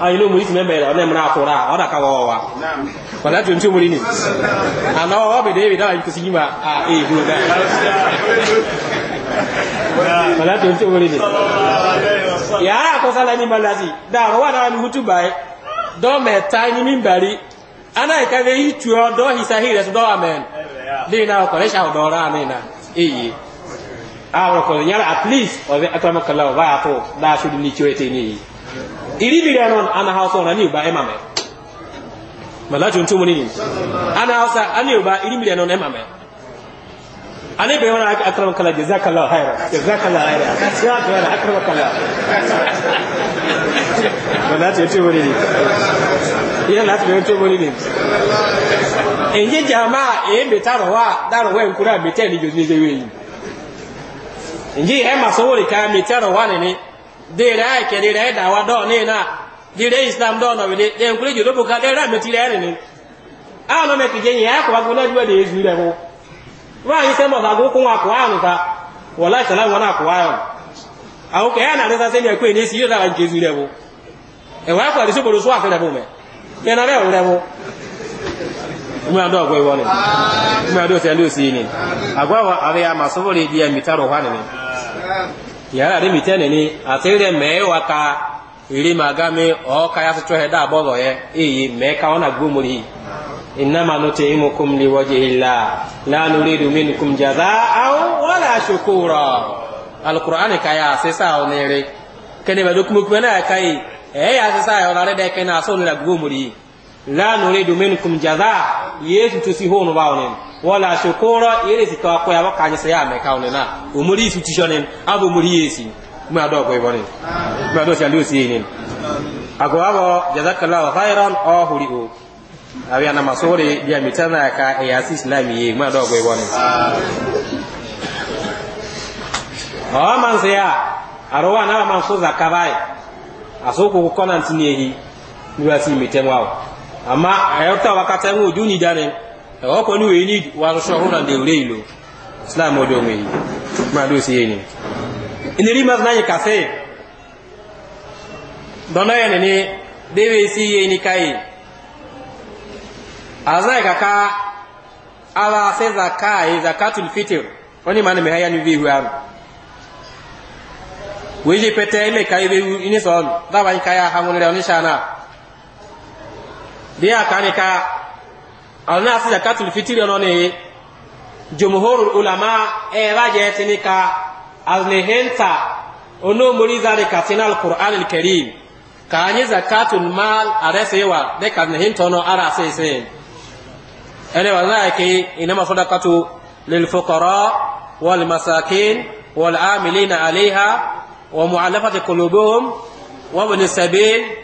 ayi lo muri tun bɛ la ne muna kora o da ka wa wa wala tun tun muri ni a na wa bi de bi da ko sigi ma a e go da wala tun tun muri ni ya ko ni malasi da ro wa da mi hutu bai do me ta ni min bari ana ka ve yi tu o do hisa hi res do amen de na ko le sha ra ni na e a ro ko nyala at least o be atama kala wa to da su ni choete ni iribiri anon ana hausa ona ni uba emame malacho ntumu nini ana iri ani uba iribiri anon emame ani be wala akram kala jazakallahu khaira jazakallahu khaira ya wala akram kala malacho ntumu nini ya lati ntumu nini enje jamaa embe tarwa daro we nkura meteni jozize weyi nje ema sowori ka metero wanene dèrè aike dere ẹ̀dàwà dọ́ọ̀ ní dere islam dọ́ọ̀ nọ wìdí dèrè nkúrẹ́ jòdó bùkà dèrè àmẹ́tì ndị rìn ní. àwọn ọmọ ẹ̀kẹ́jẹ́ yìí ẹ̀kọ́ bá gbọ́dọ̀ ẹ̀dúwẹ̀ dè ézu rẹ̀ wọ́n. wọ́n nwanyị sẹ́mọ̀ sàgó kún àkọ́ àrùn ta wọ́n láì wọn àkọ́ àrùn. àwọn kẹ́ ẹ̀yà nàdẹ́sà sẹ́ni ẹ̀kọ́ èyí sí yóò dára nke ézu rẹ̀ wọ́n. ẹ̀wọ̀ ẹ̀kọ́ àdìsí gbòdò sún àfẹ́ rẹ̀ bọ̀ mẹ́. yẹn náà bẹ́ẹ̀ rẹ̀ wọ́n. ya agɔ iwɔ ne ya mitaro hɔ ne yàrá rí mi tẹ́ni ni àti rẹ̀ mẹ́wàá ka ìrí màgá mi ọ̀ọ́ka yà sọ́tọ́ ẹ̀ dáàbọ̀ lọ yẹ èyí mẹ́ka wọn àgbo mọ́ yìí innama nutimukum liwajhillah la nuridu minkum jaza'an wala shukura alquran kaya sisa onere kene ba dokumu kana kai e ya sisa onare de kana so ni agbo mọ́ yìí la nuridu minkum jazaa yesu tusi hono bawonen wala shukura yele sito ko ya kanye se ya me na umuri su tishonen abo muri yesi mu ado ko ibonen mu ado se alusi yinen ako abo jazakallahu khairan o huri o abi ana masore dia mitana ka ya si islami ye mu ado ko ibonen o man se ya arwa na man so zakabai asoko ko konan tinehi ni wasi mitengwao ama a yarta wa ka tamu juni dane wa ko ni weni wa shahura de reilo islam odo mi ma do si yeni ini rimas na ka se dona yana ni dewe si yeni kai azai ka ka ala se zakai zakatul fitr oni mana me haya ni vi huaru weje pete ile kai be ini so da ban kaya hangunira oni shana dia kanika alna si zakatul fitri ono ne jumhurul ulama e baje tinika alnehenta ono muri zari katina alquran alkarim ka anyi zakatul mal aresewa de kanehenta ono ara sese ene wala ke inama sadaqatu lil fuqara wal masakin wal amilina alaiha wa mu'allafati qulubuhum wa ibn sabil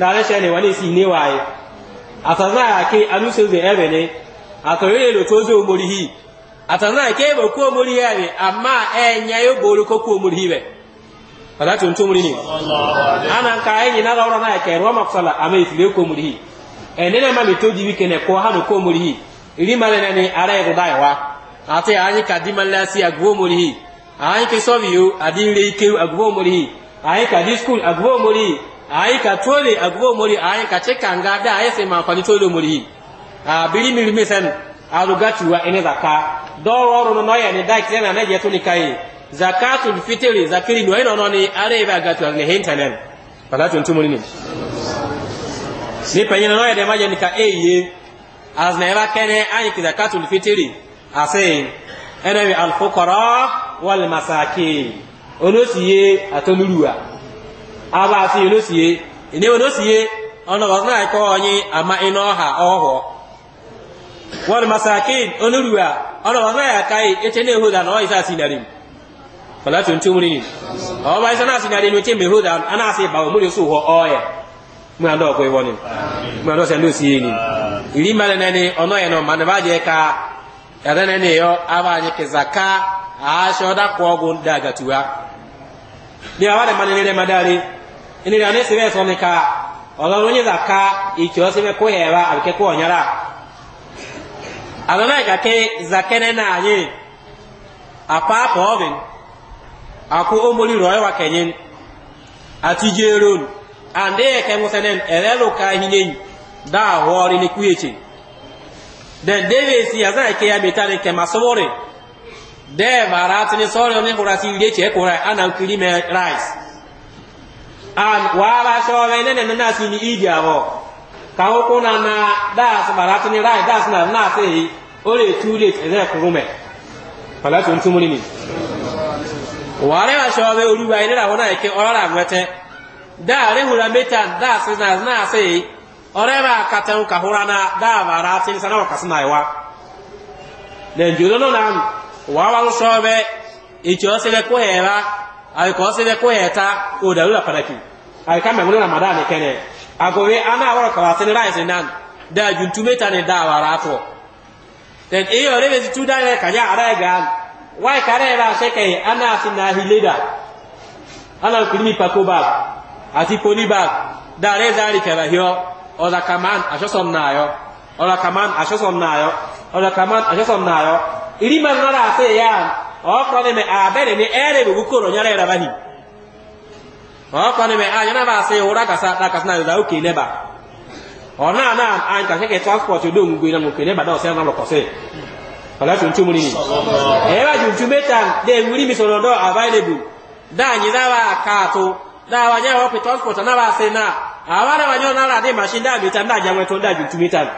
na resha ne wani si ne waye atanza a anusoze ebene atoyele lotozo omorihi ebe omori yabe amma enya yo omori hibe ana ka enyi na rawra na yake roma kusala ame ifile omori hi enene ma mitoji wikene ha iri na ni ara ego dai wa ke ike agwo omori ka di ayi ka tole agugo mori ayi ka cheka ngada ayi se man kwani tole mori a biri miri misen arugati wa ene zaka doro oro no ya ni dai kile na je tuni kai zakatul fitri zakiri no eno no ni are ba gatu ne hintalen pala tun tumuri ni ni penyina no ya de maje ni ka eye as na eba kene ayi ki zakatul fitri ase ene al fuqara wal masakin olosiye atonuluwa aba asị onosie enewe onosie ọnọdụ ọsọ na-akọ onye ama ịnọ ọha ọhụọ wọn masakin onurua ọnọdụ ọsọ na-aka eche na-ehu da na ọ isa asị narị m falatu ntu muri ọ ba isa na asị narị m eche ma ehu da a na-asị ba omuri osu ụhọ ọya mụ na ndị ọkụ ịwọ ni mụ na ndị ọsịa ndị osie ni iri mmadụ na ni ọnọ ya nọ ma na baje ka yàrá na ni yọ aba anyị kizaka a ṣọda kwọgwụ ndị agatuwa ni awa da mmanụ nere madari iniri ane sibe so ni ka ololo nyi zaka icho sibe ko heba abike ko nyara alona ka ke zakene na anyi apa pa obin aku omori roye wa kenyin ati jeron ande ke musenen elelo ka hinyen da wori ni kuyeche den deve si aza ke ya betare ke masore de maratini sore ni kurasi yeche ko ana nkiri me rice waabasoobe nene nanasini idiabo kahukuna na das baratini rai das na nase ole too late ene kurume palatu ntumunini ware basoobe oluwa ene rahona eke orora agwete daa rehura metan das na nase oreba katanu kahurana da baratini sana wakasina iwa nenjulono nam wabalusoobe ikyosebe kuheba alikuwa sebe ko yeta o dalula paraki alika me mulina madani kene agowe ana awara ka watin rise nan da juntume ta da wara to then e yo rebe tu da ne kanya ara ga why kare ba se ke ana sin na hileda ana kulimi pako ati poni ba da re zari ka ba hiyo o da kaman asho som na yo o da kaman asho som na yo o da kaman asho som na yo iri man ra se ya okorwo nĩme ah, mbere nĩ erĩ rũgũkũrũ nyarera bahi okorwo nĩme ah, nyona basa ĩhũra kasa nakasa na thutha ũkĩine ba ona na ankakeke ah, transport ũdo ngugwĩna mũkĩine ba daose na lokose ala tuntu mu nini ewa tuntu metan de wuri mi sorodo available da nyi da wa kato da wa nya wa transport na ba se na awara wa nyona la de machine da metan da jamwe to da tuntu metan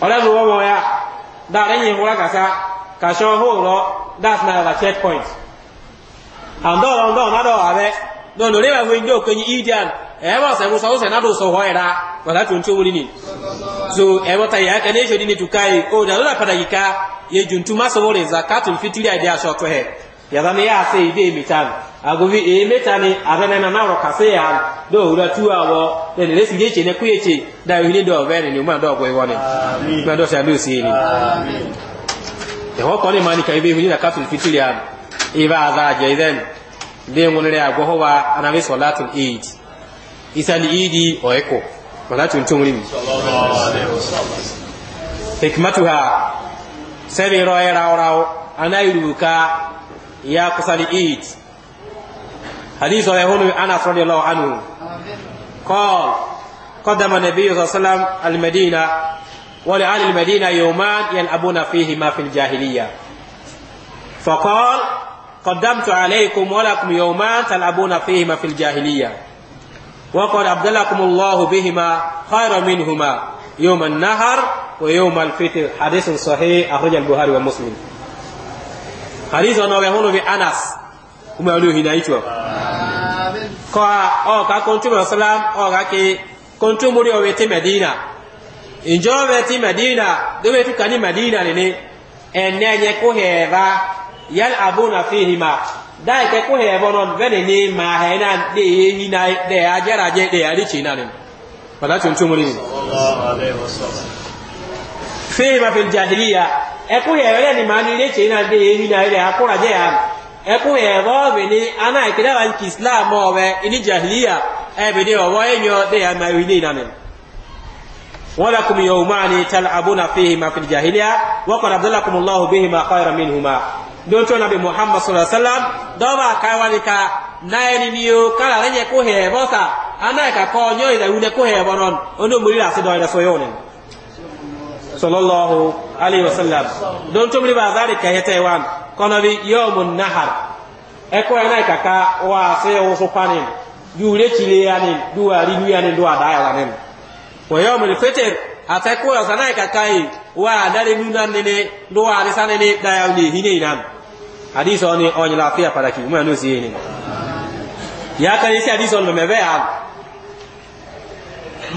ala zo wa moya da renyi hola kasa kashan ho ro that's my other checkpoint and do on do na do are do no le we njo kenyi idian e ba se musa se na do so ho era wala tun tu mulini so e wata ya kane e shodi ni tukai e. o da la pada yika ye juntu maso wole zakatul fitri idea shot he ya zame ya se ide mitan agobi e metani e abene na na ro kase ya do ura tu awo de le si je che ne kuye che da wi ni do vere ni ma do go e woni amen ma do sa do si ni amen eho kone mani ka ibe hujina katul fitri ya iba za jaiden de ngunere agoho wa anabi salatul eid isali idi o eko wala tun tun rimi hikmatuha sabi roye rawrawo anairuka ya kusali eid hadith wa hunu anas radiyallahu anhu قال قدم النبي صلى الله عليه وسلم المدينه ولأهل المدينة يومان يلعبون فيهما في الجاهلية فقال قدمت عليكم ولكم يومان تلعبون فيهما في الجاهلية وقد أبدلكم الله بهما خير منهما يوم النهر ويوم الفتر حديث صحيح أخرج البخاري ومسلم حديث أنا هنا في أنس كما olu هنا itwa قال أو كنتم kontu sallam كنتم ga ke kontu injome ti madina dome tu kani madina nini enenye kuheva yal abuna fihima dai ke kuheva non vene ni mahena de yehi na de ajara je de ali china nini pada tun tumuri sallallahu alaihi wasallam fihima fil jahiliya e kuheva ni mani le china de yehi na de akura je ya e kuheva vini ana ikida e wa islam owe ini jahiliya e bidi owo enyo de ya mawini nani ولكم يومان تلعبون فيهما في الجاهلية وقد أبدلكم الله بهما خيرا منهما don tó nabi muhammad sallallahu alaihi wasallam dɔba kawani ka naani ni o kala re nye ko hɛɛ bɔsa ana ka kɔ nyɔ yɛrɛ wuli ko hɛɛ bɔnɔn o n'o mori la se dɔ yɛrɛ so yɔ ne. sallallahu alaihi wasallam don tó mori ba zaari ka yɛ tɛ wan kɔnɔ bi yɔ mun nahar ɛ ko yɛrɛ ka ka waa se woso panin duure cile yanin duwaari nuyanin duwa daayalanin wọ́yọ́ mọ̀lẹ́ fẹ́tẹ̀ àtẹ́kọ́ ọ̀sán náà kàkà yìí wà àdáre nínú nínú lówà àdísá nínú dáyà ní ìhìnà ìnáàmù àdísọ́ ni ọ̀yìn láàfíà pàtàkì mú ẹ̀nú sí ẹni ya kan isi àdísọ́ nù mẹ́fẹ́ à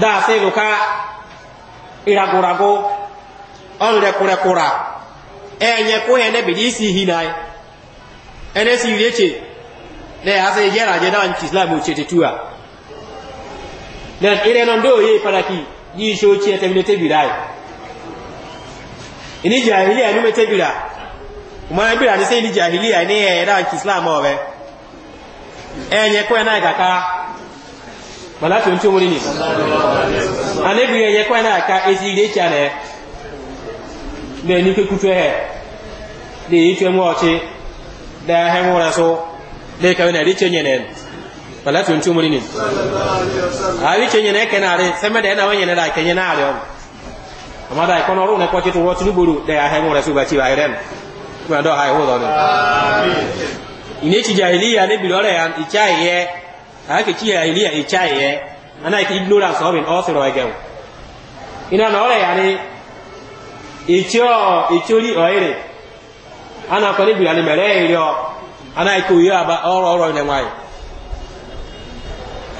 dáa sí ìrùká ìragùragó ọ̀nrẹ̀kùrẹ̀kùrà ẹ̀yẹ kó ẹ̀ nẹ́bìdí sí ìhìnà ẹ̀nẹ́sì ìrẹ́chẹ̀ lẹ́yà sí ìjẹ́ràjẹ́ náà ní ìsìlámù ìṣètìtúwà nan irenon do ye paraki yi shoci ya tabi tebira yi ini jahiliya ni mai tebira kuma na bira ni sai ni jahiliya ni ya e, yi ranki islam ọbẹ ẹnyẹ e, kọ ẹna e, kaka bala tó ń tó múlí enye anabi na kọ ẹna kaka esi ilé tí a nẹ bẹẹ ní kékutu ẹ lè yí tó ẹmu ọtí lẹ ẹhẹmu rẹ so lè kàwé na ẹdí tí ó nyẹ salatu ntu muni ni awi kenye na ekena are sema da na wenye na kenye na are on amma da ikono ru ne ko titu wo tilu buru da ya hemu rasu ba ti ba irem kuma do hai ho do ne ine ti jahiliya ne bilore ya ichai ye ake ti jahiliya ichai ye ana ki ignorance of in author again ina na ore ya ni ichio ichori oire ana ko ni bilani mere ire ana ko yo aba oro oro ne mai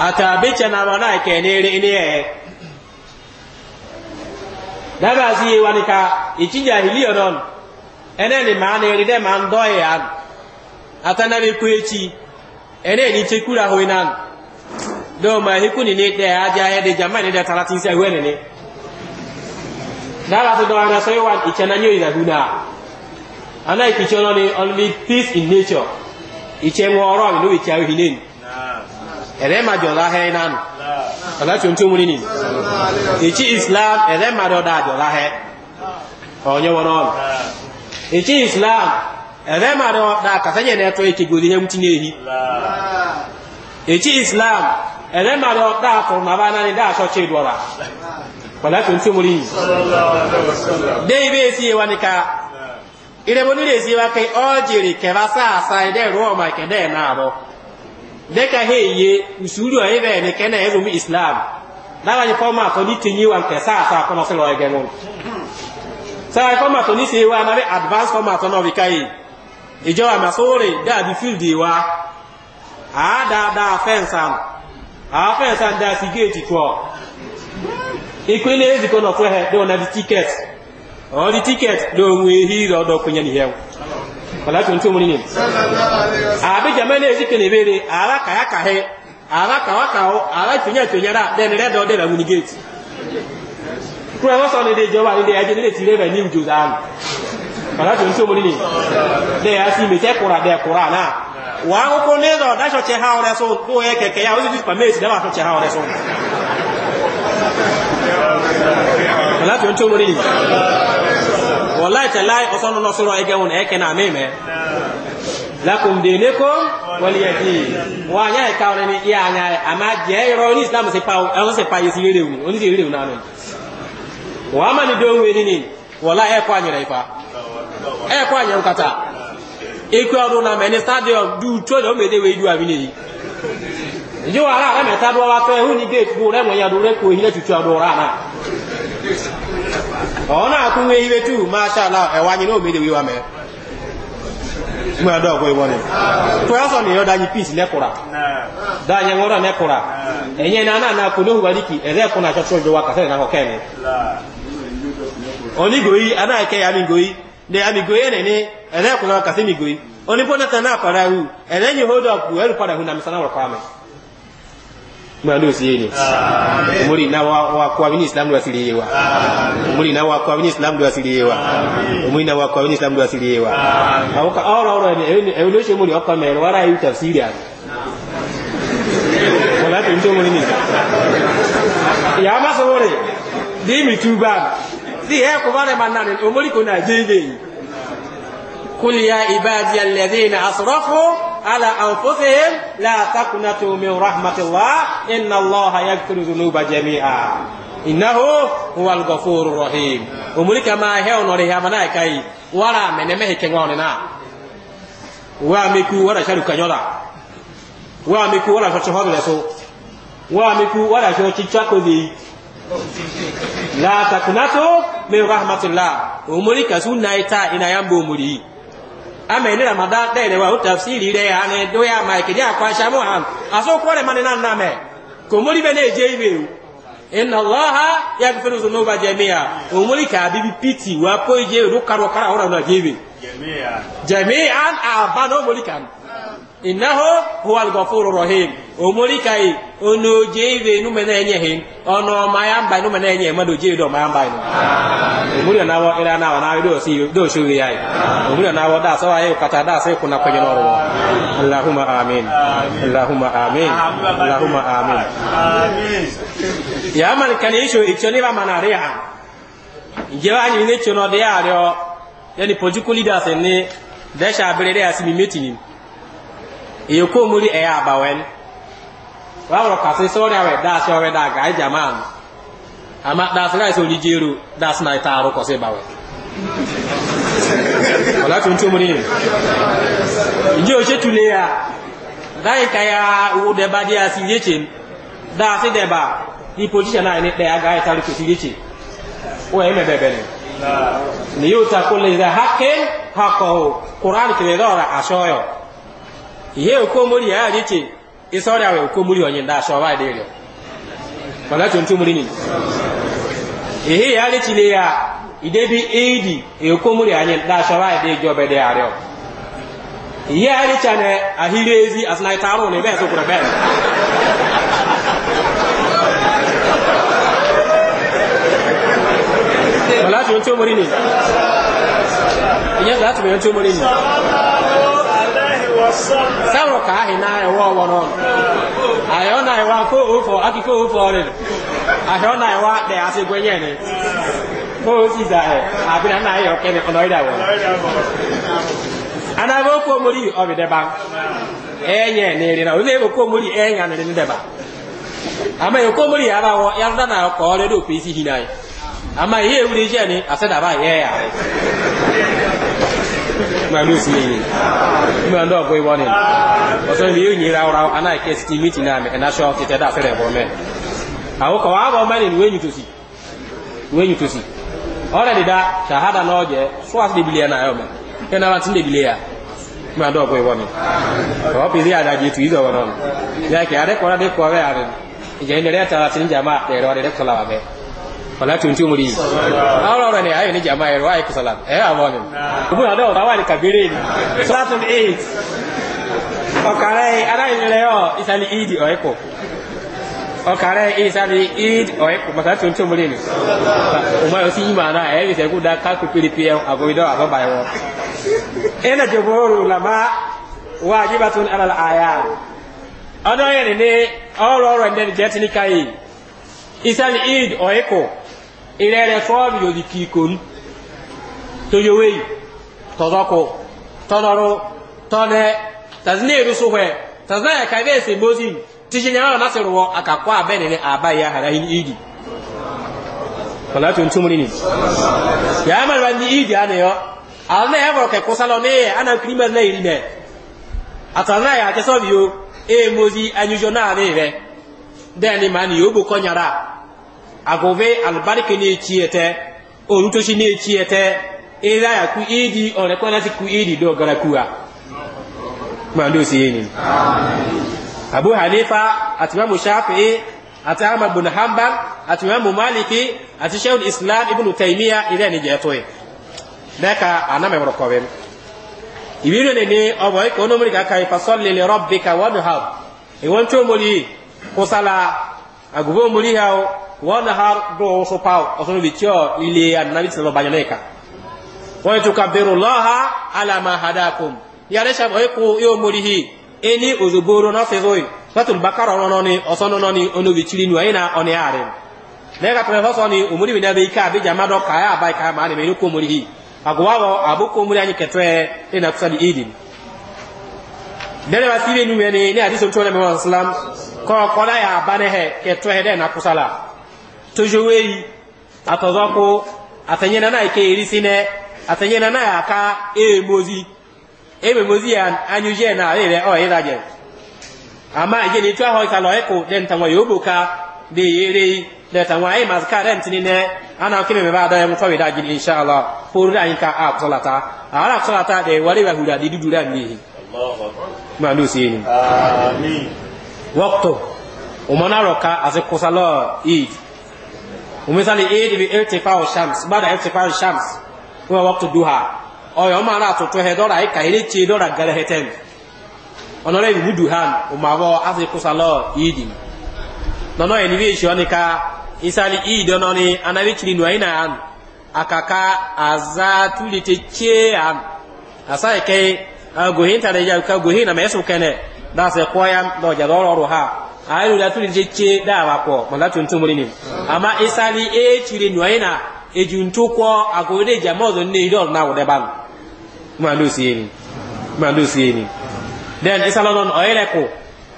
ata abicha na mana ke ne re ne e daba si wani ka itija hilio non ene ni ma ne ri de ma ndo e an ata na bi ku echi ene ni tekura ho inan do ma hiku ni ne de aja he de jamani de taratin se we ne ne daba to do ana so yawan e ichana nyo ida huna ana ikichono ni only peace in nature ichemwa oro ni no ichawi hineni ẹ̀rẹ́ ma jọ̀lá hẹ́ nánu ọ̀láti ohun nìí ìtí islam ẹ̀rẹ́ ma dọ̀dá jọ̀lá hẹ́ ọ̀nyẹ́ ìtí islam ẹ̀rẹ́ ma dọ̀dá kàfẹ́yẹ̀ ní ẹ̀tọ́ ìkegori hẹ́ mútí islam ẹ̀rẹ́ ma dọ̀dá kọ̀rọ̀ nàbá náà ní dáàṣọ́ tí ìdọ̀ra ọ̀láti ohun tí ó múrí nìí dé ibi èsì wa ní ká ìrẹ́bọ̀nì lè sí wa kẹ́ ọ́ jèrè kẹ́ bá ẹ̀dẹ́ ìrú ọ̀mà ìkẹ́dẹ́ náà rọ̀ deka heye usuri wa hive ni kena yezu mi islam dala ni poma to ni tinyi wa nke saa saa kono selo ege nun saa poma to ni sewa na be advance poma to no bikai ijo wa masore da bi field wa a da da fence am a fence am da sigeti to ikwele ezi kono to he do di ticket o di ticket do nwe hi ro do kunya ni hewo balatu ntu muni ne abi jama ne ezike ne bere ara kaya kahe ara kawa kawo ara tunya tunya ra de ne do de la muni gate kura wo so ni de jowa ne de aje ne ti re ba ni ujo dan balatu ntu muni ne de asi me te kura de kura na wa ko ne do da so che ha ore so ko e keke ya o si permit wa so che ha ore so balatu ntu muni ne wallahi tallahi osono no soro ege won eke na meme lakum dinukum waliyadin wa nya e ka ni ya nya ama je ro ni islam se pa o se pa yesi rere wu se rere wu na no wa ma ni don we ni wallahi e kwa nyira ifa e kwa nya nkata e kwa ro na me ni stadium du to lo me de we du abi ni yo ara ara me do wa fe hu ni gate bu re mo ya do re ko ile tutu adora na ọ̀nà àkúnwé ibé tù máṣàlá ẹ̀wà yìí náà méde wíwá mẹ́ gbọ́dọ̀ ọ̀gbọ́ ìwọ́n ni tó ni ní ọ̀dá yìí pìs lẹ́kùnrà dáyẹ wọ́n rà lẹ́kùnrà ẹ̀yẹn náà náà kò lóhùn wàlíkì ẹ̀rẹ́ ẹ̀kùnrà ṣọ́ṣọ́ ìjọba kàtẹ́ ìnáwó kẹ́ni onígòyí anáàkẹ́ àmìgòyí ní àmìgòyí ẹ̀nẹ̀ ní ẹ̀rẹ́ ẹ̀kùnrà kàtẹ́ ìmìgòyí onígbónátà náà pàrà ẹ̀rù ẹ̀rẹ́ hold up ẹ̀rù padà hùn àmì sanáwọ̀ pàmẹ́ mwalusiini wa wakwabini isilamu lwasiliyiwa mulina wakwabini isilamu lwasiliyiwa mulina wakwabini isilamu lwasiliyiwa awuka awolawolani ewuloshe muli okamere warayu tafsiri ani olati di yamasomole dimitubana dihekubale manani kuna najebeyi قل ya عبادي الذين asrafu على أنفسهم لا تقنطوا من رحمة الله إن الله يغفر الذنوب جميعا إنه هو الغفور الرحيم وملك ما هي نوري هما كاي ولا من مه كنونا وامكو ولا شرك نيولا وامكو ولا شتهو لسو وامكو ولا شو تشاكو دي لا تقنطوا من رحمة الله وملك سنة إتا إنا يمبو مريه ama ene ramadan dene wa utafsiri re ane do ya ma ke dia kwa shamu ham aso ko le manena na me ko muri be ne je ibe inna allah yaghfiru dhunuba jamia umuri ka bibi piti wa ko je ru karo kara ora na je ibe jamia jamian abano muri kan innahu huwal ghafuru rahim omori kai ono jeive nu mena enye hin ono mayamba nu mena enye mado jeive do mayamba ino omori na wo ila na na do si do shuri yai omori na wo da so ayi kata da sai kuna kwenye noro allahumma amin allahumma amin allahumma amin amin ya man kanisho ichoni ba manaria jewani ne chono de aryo yani political leaders ne desha abirere asimi meeting èyí kó múri ẹ̀yà àbàwẹ́n wọ́n rọ̀ kàṣí sọ́ọ́rì àwẹ̀ dáàṣì ọ̀rẹ́ dàgà ẹ̀jà máa nù àmà dáàṣì láì sọ oríjì èrò dáàṣì náà ìtaàrú kọ̀ sí ìbàwẹ̀. ọ̀la tó ń tó múri yìí ìjẹ́ òṣè tulẹ̀ yà dáì kàyà owó dẹ̀bà dí a sì yéche dáàṣì dẹ̀bà ní pòjíṣẹ̀ náà ní ẹ̀yà gà ẹ̀tàrú kò sí yéche ó yẹ mẹ́ bẹ̀bẹ̀ ni yóò eh, ta kó lè rẹ̀ ihe okomori ya yari ce isọrọ awẹ okomori onye da aṣọ wa ide rẹ kọlá tó ń tó múrí ni ihe yari ce ne ya idebi eidi okomori onye da aṣọ wa ide ijọ bẹ de arẹ ihe yari ce ne ahiri ezi asina ita arụ na ebe ẹsọ kwuru bẹẹ kọlá tó ń tó múrí ni ìyẹn sọ sáwọn ka ahì náà ẹ̀wọ́ ọwọ́ náà àyọ́ náà ẹ̀wọ́ kó òfò akíkó òfò ọ̀rìn àyọ́ náà ẹ̀wọ́ dẹ̀ àti gbẹ̀yẹ̀ ni kó o sì zà ẹ̀ àbínà náà kẹ́ni ọ̀nà anáwó kó mórí kó mórí ẹ̀yà ama na kɔɔ de do pesi ya ama yi ewu de ma no sile ni ma ndo boy woni oso mi yu nyira ora ana ke sti miti na me na sho ti te da fere bo me awo ko wa ba ma ni we nyuto si we nyuto si ore di da so as de bilia na yo me ke na tin de bilia ma ndo boy woni o pi ri ada je tu izo wono ya ke ade ko ade ko we ade je ni falatun ti umri awra ne ayi ni jamaa yaro ayi kusalam eh amon bu na do tawali kabire ni salatun eid okare ara ile yo isali eid o eko okare isali eid o eko falatun ti umri ni o ma si imana e eh, bi se ku da ka ku pilipi e agoido ababa yo ena joboru lama wajibatun ala al ayat ọdọ yẹn ni ọrọ ọrọ ẹni jẹ ti ní káyé isali eid o eko ìrẹ́rẹ́ fọ́ọ̀mù yóò di kíkó ní tó yówé tọ́dọ́kù tọ́dọ́rú tọ́dẹ́ tàzínà ìrúsùwẹ̀ tàzínà ẹ̀ka ibẹ̀ èsè mọ́sí tí ṣe yàrá láti rọwọ́ àkàkọ́ àbẹ́nìní àbáyé àhàrá yìí ìdì falatun tumuri ya mar ndị ni ya bar ndị kusalo ne na iri ne atana ya ke so biyo e mozi anyu ogbo kọnyara. agove albarka ne ciye ta orutoshi ne ciye ta ira ya ku idi ore kwana ti ku idi do gara kuwa ma ndo si yini abu hanifa àti imam shafi'i àti ahmad bin hanbal àti imam maliki àti shaykhul islam ibn taymiya ira ni je toye daka aname woro ko ben ibiro ne ni obo e ko no muri ka kai fa salli li rabbika wanhar e won to muri ko sala agubo muri wanahar do so paw osono bicho ile annabi sallallahu alaihi wasallam wa tukabbiru allaha ala ma hadakum ya resha boy ko yo murihi eni uzuburu na fezoi fatul bakara no ni osono no ni ono bichiri ni aina oni are ne ka tole hoso ni umuri bina be ka be jamado ka ya bai ka ma ni me ko murihi agwawo abuko muri anyi ketwe ina kusali idin dere ba sibe nu ne ne hadisi mtume Muhammad sallam ko kola ya banehe ketwe de na kusala tojoweyi atọzọkụ atanyena na ike iri sine atanyena na aka ememozi ememozi ya anyụje na arịrị ọhịra jere ama ije na etu ahụ ikala ọịkụ denta nwa ya oboka da ere denta nwa anyị mazị ka rent nile a na akụ mebe adọ ya nwụtọ weda gị insha ala furu anyị ka a kụsọlata ara kụsọlata da ewere ya hụrụ adị dudura n'ihi ma ndị osi enyi wọktọ ụmụ na-arọ ka azị kwụsala id ومثالي ايد بارتفاع الشمس بعد ارتفاع الشمس هو وقت الدوها او يوم انا تتوه دورا اي كايني تشي دورا غلهتن onore ibu duhan umawo asi kusalo idi nono eni bi shoni ka isali idi ono ni anabi chiri no ina an akaka azatu liteche an asai ke gohin tare ya ka gohin na mesu kene da se koyam do jadoro ruha ayo da tulin jecce da ba ko mala tun tumuri ne Ama esali e eh, cire noyina e eh, junto ko agode jama'a ne idor na wode ban ma do siyeni ma do siyeni den isalonon oyele ko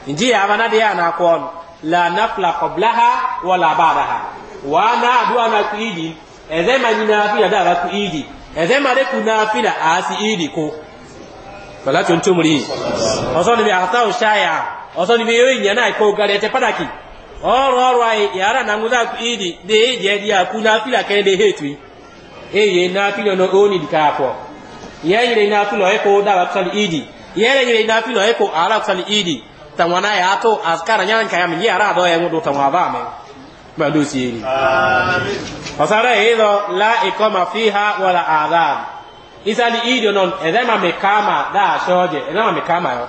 nji ya bana dia na ko ha, nafla qablaha wala ba'daha wa na duwa na kuidi eze ma ni na fi da ba kuidi eze ma de kuna fi da asi idi ko mala tun tumuri oso ni bi ahta ushaya ọsọ ni meyo nyana ko garete padaki oro oro ai yara na nguda idi de je dia kuna fila kende hetwi eye na filo no oni dikapo yeyire na filo eko da wa kusali idi yeyire na filo eko ara kusali idi tamwana ya to askara nyana kaya mi yara do ya ngudo tamwa ba me ba do si ni amin fasara hizo la ikoma fiha wala adhab isali idi non edema mekama da shoje edema mekama yo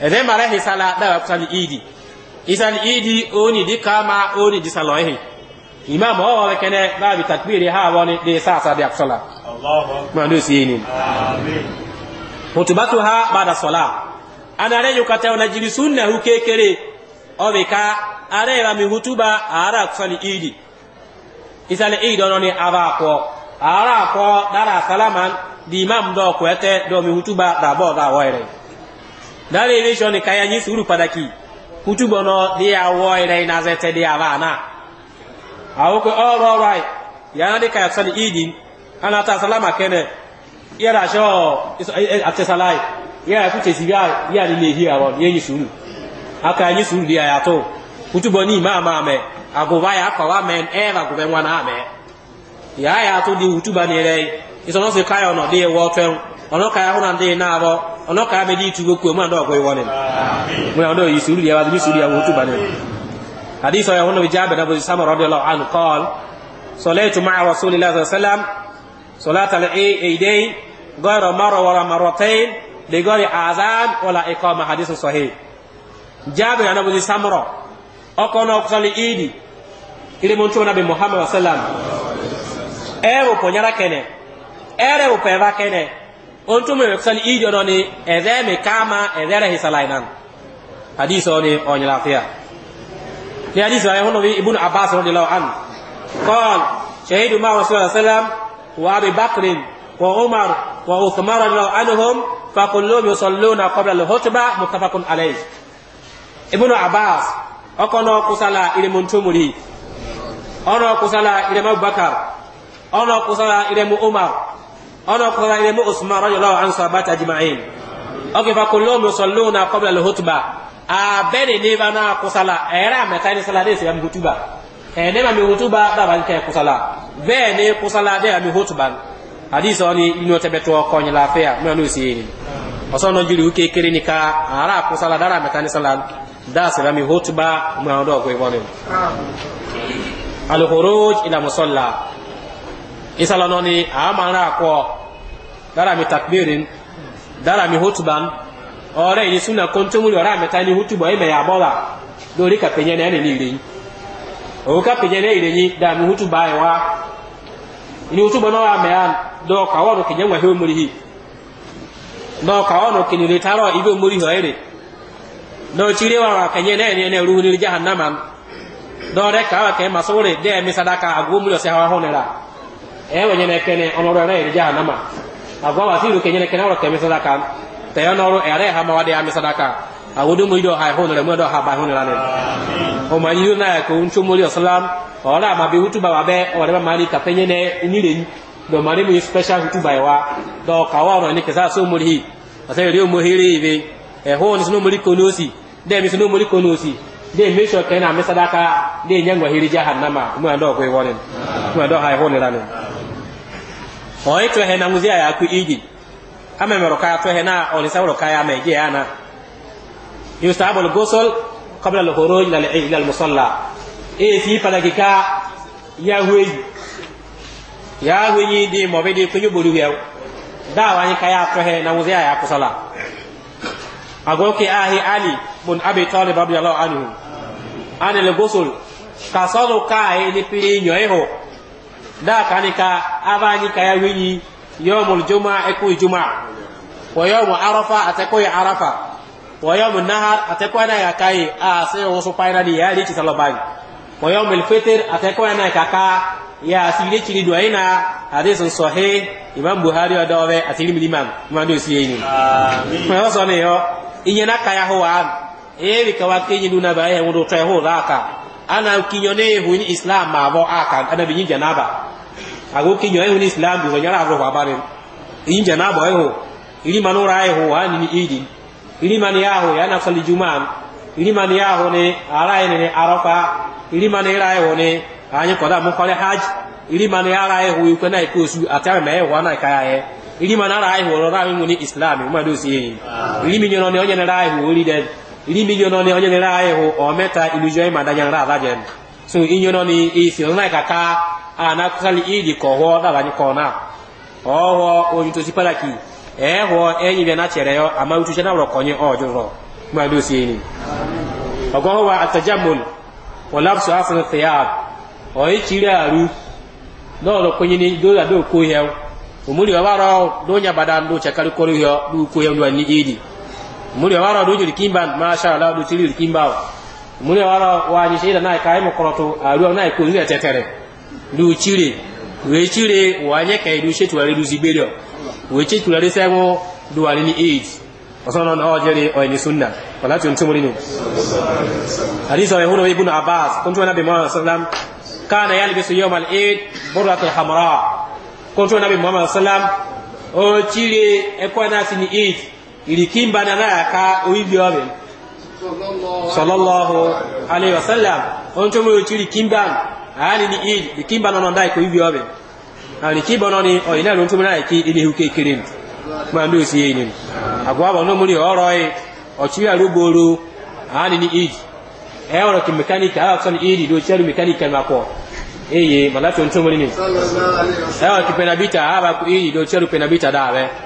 ede mara hi sala da wa kusali idi isal idi oni di kama oni di salohi imam o wa kene ba bi takbiri ha woni de sa sa bi aksala Allahu akbar ndio sieni amin hutubatuha ba'da sala ana reyo kata unajili sunna hukekere obeka areba mi hutuba ara kusali idi isal idi ononi abako ara ko dara salaman di imam do kwete do mi hutuba da bo da waire dare ile shoni kaya nyi suru padaki kutubo bono di awo ile na zete di avana awo ko all all ya na di kaya sani idi ana ta salama kene yara sho eh, eh, ate salai yara ku tesi ya ya ni le hiya won yenyi suru aka nyi suru di aya to kutubo ni ma ma me agoba ya kawa men eva eh, gobe wana me ya ya to di utuba ni ile isono se kaya ono di ewo twen ono kaya huna ndi na abo ono ka be di tugo ko ma do ko woni mo na do yusuru ya wadu yusuru ya wutu bane hadith ya wono jabe na bi sama radiyallahu anhu qal salaitu ma'a rasulillahi sallallahu alaihi wasallam salat al-eidain ghayra marra wala marratayn li ghayri azan wala iqama hadith sahih jabe na bi samro okono kusali idi ile muntu nabi muhammad sallallahu alaihi wasallam ewo ponyara ontu me kusali ijo no ni eze mi kama eze re hisalainan hadisi oni onyala fiya ni hadisi ayi hono bi ibnu abbas radiyallahu an qal shahidu ma rasulullah sallam wa abi bakr wa umar wa uthman radiyallahu anhum fa kullu yusalluna qabla al-hutba muttafaqun alayh ibnu abbas okono kusala ile muntumuri ono kusala ile abubakar ono kusala ile umar أنا قرأ إمام عثمان رضي الله عنه صحابات أجمعين أوكي فكلهم يصلون قبل الخطبة أبني نيفانا كسلا إيرا متاني سلا دي سيام خطبة إنما من خطبة دابا كي كسلا بني كسلا دي أمي خطبة hadisi oni inu tebeto konye la afia mwa nusi yini osono juli uke kirini ka ara kusala dara metani sala da salami hutuba mwa ondo kwa ibonu al khuruj ila musalla isala noni amara ko dara takbirin dara hutuban ore ni sunna kontumu ora meta ni hutuba ime ya bola lori ka penye ne ni ire o ka penye ne ire ni da hutuba e wa ni hutuba no ame an do ka wono kenye wa he omuri hi do ka wono kenye le taro ibe omuri ho ere do chire wa kenye ne ne ne ruhu ni jahannama do re ka wa ke masore de mi sadaka agumuri se hawa honera ewe nyene kene onoro re ri jahannama agwa wasiru ke nyene kene oro ke misada ka te onoro ere ha mawade ya misada ka awodo mu ido ha e hono le mu do ha ba e hono la ne o ma yiru na e ko unchu muri islam ora ma bi hutuba ba be ora ma mali ka penye ne unire do mari mu special hutuba wa do ka wa ro ni ke sa so muri hi ase ri mu hiri ibe e ho ni sunu muri konosi de mi sunu muri konosi de mi sho ke na misada ka de nyangwa hiri jahannama mu ando ko e wonen mu ando ha hono la oyi to hena nguzi ya ku ame meroka, mero kaya to hena oni sawro kaya ya je ana yustahabu al-ghusl qabla al-khuruj ila al-musalla e fi palakika ya huyi ya huyi di mo be di ku da wani kaya to hena nguzi ya kusala. sala ahi ali bun abi talib radiyallahu anhu anil ghusl kasalo kai ni pirinyo eho da kanika abani kaya wini yawmul jumaa eku juma, wa yawmu arafa atako ya arafa wa yawmu nahar atako na ya kai a sai wasu faina da ya lici salobani wa yawmul fitr atako na kaka ya asiri kiri do ina hadisin sahih imam buhari wa dawe asiri milimam imam do siye ni amin wa so ne yo inyana kaya ho wa e bi kawake ni duna ba ya wudo trai ho raka ana kinyo ne hun islam ma bo aka ana bi yin janaba ago kinyo ne hun islam bi wanyara agro kwa bare yin janaba ho ili manura ho hani ni idi ili man ya ho yana sali jumaa ili man ya ho ne ara e ne ne arafa ili man ya e ho ne anyi koda mu kole haj ili man ya ara ho yuko na ikosu atare me ho na kaya ye ili man ara e ho ro ra mi ni islam ma do si yin ili mi nyono ne onye na ra ho ri de ri milion ni onye nira ayi hu o meta ilujo yi madanya nra ala jem so inyo no ni isi nra kaka ana kusali idi ko ho da bani ko na owo oyin to sipala ki e ho eyin be na chere yo ama utu shena ro ojo ro ma do si ni ogo wa atajammul wa labsu asna thiyab o yi chire aru do ro ni do do ko he omuri wa ro do nya badan do chakari ko ro do ko ye ndo ni idi muri wara do jiri kimba ma sha Allah do tiri kimba muri wara wa ni shida na kai mu koroto a ruwa na ko ni tetere du chire we chire wa nye kai du shetu ari du zibedo we chetu ari sego du ari ni eight wasana na wajiri o ni sunna wala tun tumuri ni hadith wa yahudu ibn abbas kuntu nabi muhammad sallam kana yalbisu yawm al-eid burratul hamra kuntu nabi muhammad sallam o chire e ko na sini eight irikimba na na ka oibi obi sallallahu alaihi wasallam on to mo chiri kimba ani ni il kimba no oh, ndai ko ibi na ani kimba no ni o ina no to mo na ki ile huke ma ndo si yin agwa ba no mo ni oro yi e, o chi arugboro ani ni il e oro ki ha so ni do ma ko eye to mo ni ni sallallahu alaihi wasallam e ha ba ku da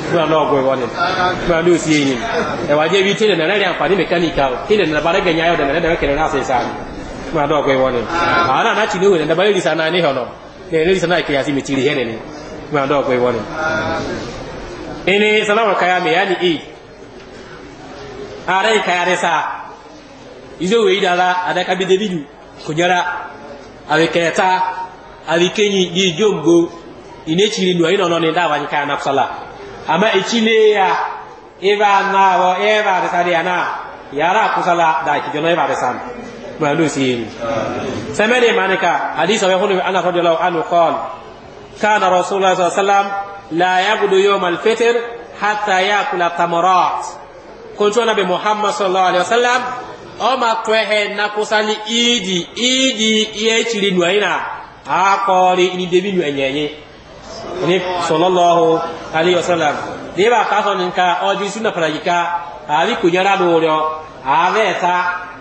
suna nawa goyi wani suna da su yi e waje bi tun da na rari amfani mekanika tun da na bare ganya yau da na da kere na sai sani suna nawa goyi wani a ana na cinu da bare lisa na ne hono ne ne lisa na ke yasi mi ciri hene ne suna nawa goyi wani ene salama kaya me yani e are kaya resa no ni dawa nyika na kusala amma ikine ya iba na wa eba da sare yana yara kusala da ki jona iba da sam ma lu sin samari manika hadisa wa hulu ana radiyallahu anhu qala kana rasulullah sallallahu alaihi wasallam la yabudu yawm al-fitr hatta yakula tamarat kuntu nabi muhammad sallallahu alaihi wasallam o ma twehe na kusali idi idi ye chiri nuaina akori ni debi nuanyenye ni sallallahu alaihi wasallam de ba ka so nka oji sunna farajika ari kunyara do ryo are ta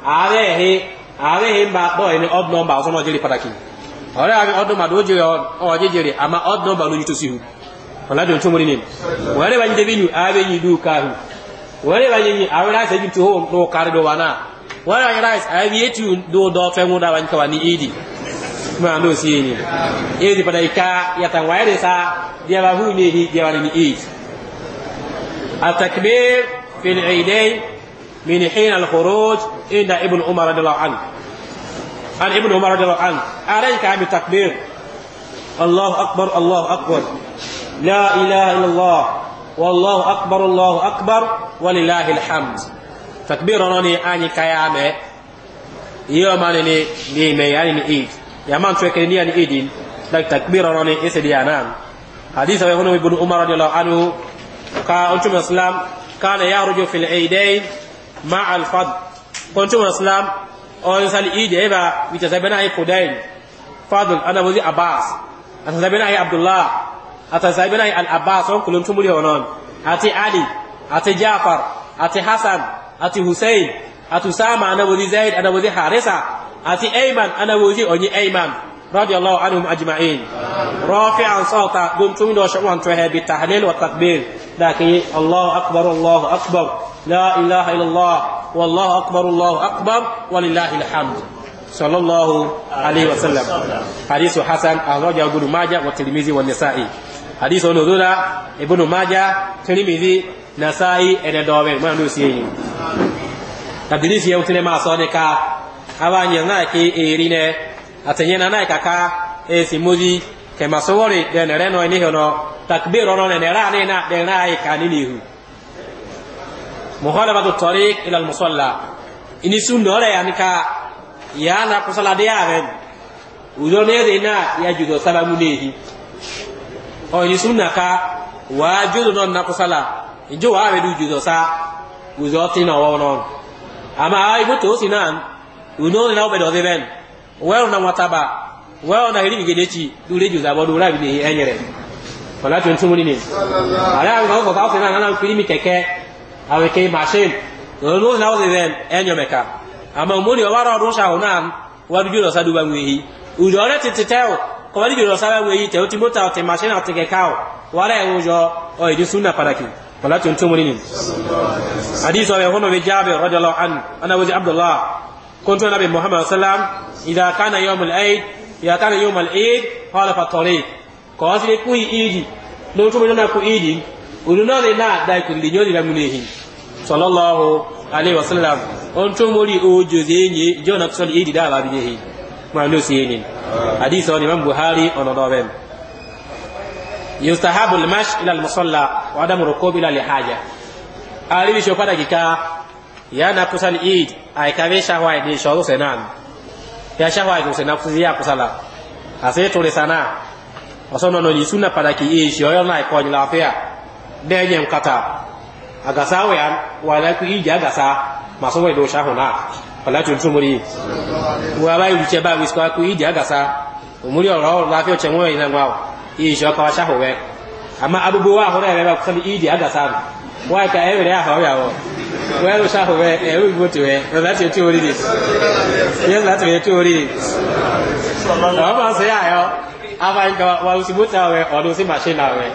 are he are he ba boy ni odd number so mo jeri pataki ore ari odd number do jeri oji jeri ama odd number lo yito sihu wala do tumuri ni wale ba nde binu abe ni du ka hu wale ba ni awra se jitu ho no kar do wana wala ni rice abi etu do do fe mu da wan ka wani idi ma ando sini e di pada ika ya tangwaire sa dia ba hu ni hi dia wala ni eid at takbir fi al eidain min hin al khuruj inda ibn umar radhiyallahu anhu an ibn umar radhiyallahu anhu aran ka bi takbir الله أكبر الله أكبر لا إله إلا الله والله أكبر الله أكبر ولله الحمد تكبير راني آني كيامة يوم أنني بيمي أنني إيد yaman to ke niyan idin dak takbira roni ese dia nan hadisa wa hunu ibn umar radiyallahu anhu ka untum islam kana yaruju fil aidain ma al fad kuntum islam on sal ide ba wita sabana ay qudain fadl ana wazi abbas ata sabana ay abdullah ata sabana ay al abbas on kulum tumuri onon ati ali ati jafar ati hasan ati husain ati usama ana wazi zaid ana wazi harisa àti Ayman anáwòjì ọ̀nyí Ayman radiyallahu anhum ajma'in rafi'an sawta gumtumi do shawan tuhe bi tahlil wa takbir lakin Allahu akbar Allahu akbar la ilaha illallah wallahu akbar Allahu akbar walillahi alhamd sallallahu alayhi wa sallam hadithu hasan ahraja ibn majah wa tirmidhi wa nisa'i hadithu nuzula ibn majah tirmidhi nisa'i ene dowe ma no siyi tadrisi yau tene ma so ka awa nyɛ naa ke eeri nɛ ate nyɛ na naa e kaka esi mozi kɛmɛ sowori dɛn rɛ nɔ ne e hɛnɔ takbir rɔ nɔ nɛ ra ne na dɛn ra ye ka ne ne hu mɔgɔlɛba to tɔri ilal musɔla ini su nɔrɛ yanni ka yaa na kusala de yaa bɛ uzo ne de na ya judo salamu ne hi ɔ ini su na ka waa judo nɔ na kusala ijo waa bɛ du judo sa uzo ti na wɔwɔ nɔ ama ibo to si naa uno na obedo dhiben weo na wataba weo na hili gedechi dure juza bodu rabi ni enyere wala tu ntumu nini ala anga ko ka ofina na filimi keke awe ke machine uno na dhiben enyomeka ama umuni wabara rusha unan wadujo na sadu bangwehi udore tititeo ko wali juro sabe ngwehi te otimota ote machine otekekao wala ewojo o idi sunna paraki wala tu ntumu nini hadisi wa hono be jabe radiyallahu anhu ana wazi abdullah كنت النبي محمد صلى الله عليه وسلم إذا كان يوم العيد إذا كان يوم العيد خالف الطريق كواسي كوي إيدي لو تمنى كوي إيدي ولنا لنا دايكو لنيو لبمنيه صلى الله عليه وسلم أنتم مولي أوجزيني جونا تصل إيدي دابا بنيه ما نسيني حديث عن إمام بخاري أنا يستحب المش إلى المصلى وعدم ركوب إلى لحاجة أريد شو فدا كيكا yana kusan eid aikabe shahwa ni shogo senan ya shahwa ko senan ya kusala ase tole sana osono no yisuna pada ki e shoyo na ko ni lafia denye mkata agasa we an wala ku ija agasa maso we do shahuna wala tun tumuri wa bai uche ba wisko ku ija agasa umuri oro lafia chemo ina ngwa e shoyo ka shahwe ama abubuwa hore ba kusan idi agasa wa ka ebe ya e hawo yawo well we e we go to we no that you to read yes that you to it baba se ayo aba nka wa usibuta we odo si machine we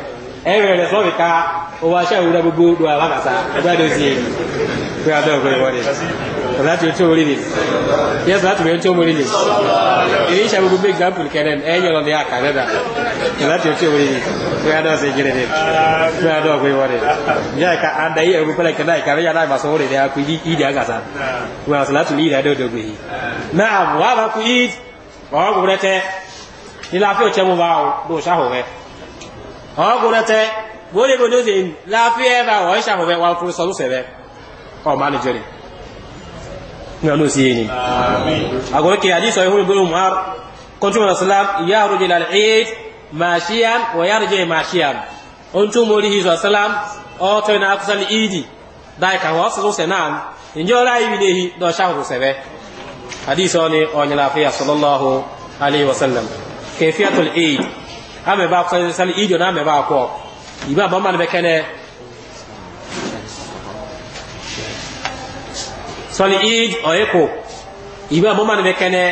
e we le so bika o wa sha ura gugu do aba kasa do do si we ado go salatu yote omuliri ye salatu yote omuliri eisha bugubu example kenen enyolo ndi akaneda salatu yote omuliri tuyada osengirere tuyada okwiwore njaka andai ebupele kenai kabeya nai masowore de akwidi idi agasa wa salatu ni ida dodo gwi naam wa ba ku id wa gurete ila fi oche mu ba o do sha ho we wa gurete bole bodo zin la fi e ba o sha ho we wa furu so lu se be o manajeri نعلو سيني أقول لك حديث صحيح ابن عمر كنت من السلام يخرج إلى العيد ماشيا ويرجع ماشيا أنتم موليه صلى الله عليه وسلم أو تنا أقصى الإيد ذلك هو أصل سنان إن جرى إليه دو شهر سبع حديث أني أن الأخير صلى الله عليه وسلم كيفية العيد أما باب صلى الله عليه وسلم إيد ونعم باب إبا بمان بكنه sɔli eid ɔye ko ibe mo man be kene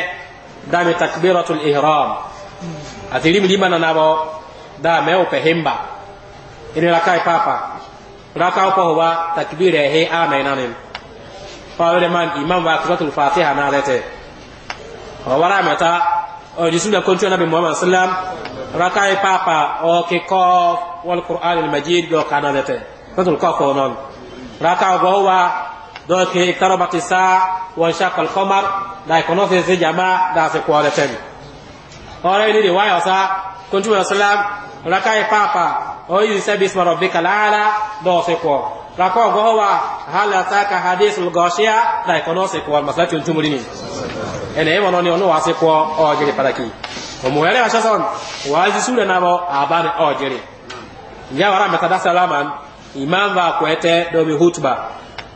dame takbiratul ihram ati lim lima na nabo da me o pe himba ire la kai papa ra ka ko wa takbire he amen amen fa wele man imam wa qiratul fatiha na lete o wala mata o di sunna kontu muhammad sallam ra kai papa o ke ko wal qur'anul majid do kana lete fatul ko ko non ra ka wa donc iqtarabati saa wa shaqa al-qamar da ikono se se jama da se ko le temi ore ni riwaya sa kuntu sallam rakai papa o yi se bisma rabbika ala do se ko rako go wa hala saka hadithul ghashiya da ikono se ko maslatu tumuri ni ene e wono ni ono wa se ko o jere paraki o mo yale asha son wa ji sura na bo abare o jere ya wara meta da salaman imam ba ko ete do mi hutba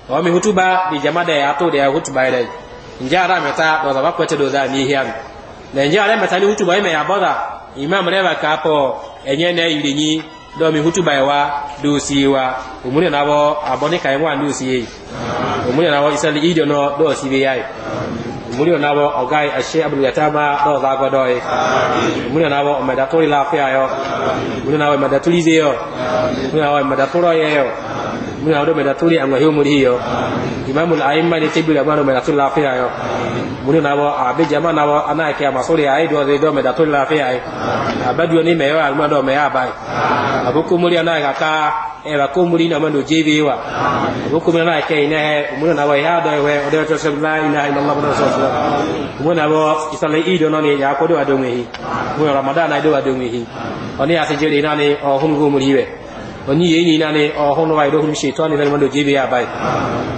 wa mi hutuba bi jama da ya to da ya hutuba dai in ra meta do za bakwete do za ni hiam na in ra meta ni hutuba ime ya boda imam reba ka po enye na yiri ni do mi hutuba wa do si wa umuri na bo aboni kai wa do si yi umuri na bo isali ido no do si bi yai umuri na bo ogai ashe abdul yatama do za go doi umuri na bo meda to ila afia yo umuri na bo meda tulize yo umuri na bo meda toro ye yo muna do meda tuli anga hiyo muri hiyo imamu al-aimma ni tibi la mwana meda tuli lafiya yo muni nabo abe jama nabo ana ke masuri ai do de do meda tuli lafiya ai abadu ni meyo alma do me abai abuku muri ana ga ka e eh, ba ko muri na mando jebe wa abuku muri ana ke ina he eh, muni nabo ya do eh, oh, we o de to se la ina ina allah wa rasulullah muni nabo isale ido no ni ya ko do adonwe hi muni ramadan ai do adonwe hi oni asijeri nani o hum go muri we oni yeni nane o hono way do hum shaytan ina mando jibe ya bay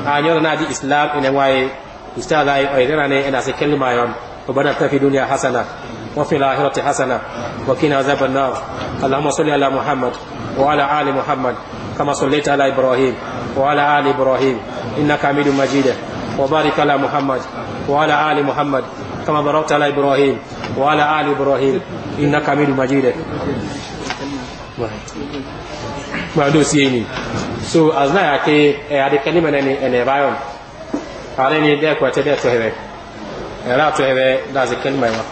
a nyodo na di islam ina way ustada ay ay rane ina se kelma yon wa bana ta fi dunya hasana wa fil akhirati hasana wa qina azaban nar allahumma salli ala muhammad wa ala ali muhammad kama sallaita ala ibrahim wa ala ali ibrahim innaka hamidum majid وبارك على محمد وعلى آل محمد كما باركت على إبراهيم وعلى آل إبراهيم إنك حميد مجيد ma do si ni so azna ya ke e ade kani mena ni ene bayon ale ni de ko te de to hebe era to hebe da ze kani mai wa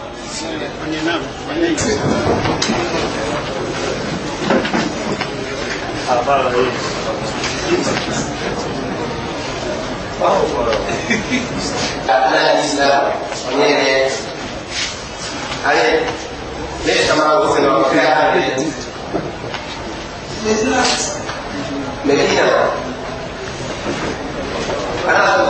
Ale, ne tamara wuce na wakilai me venía para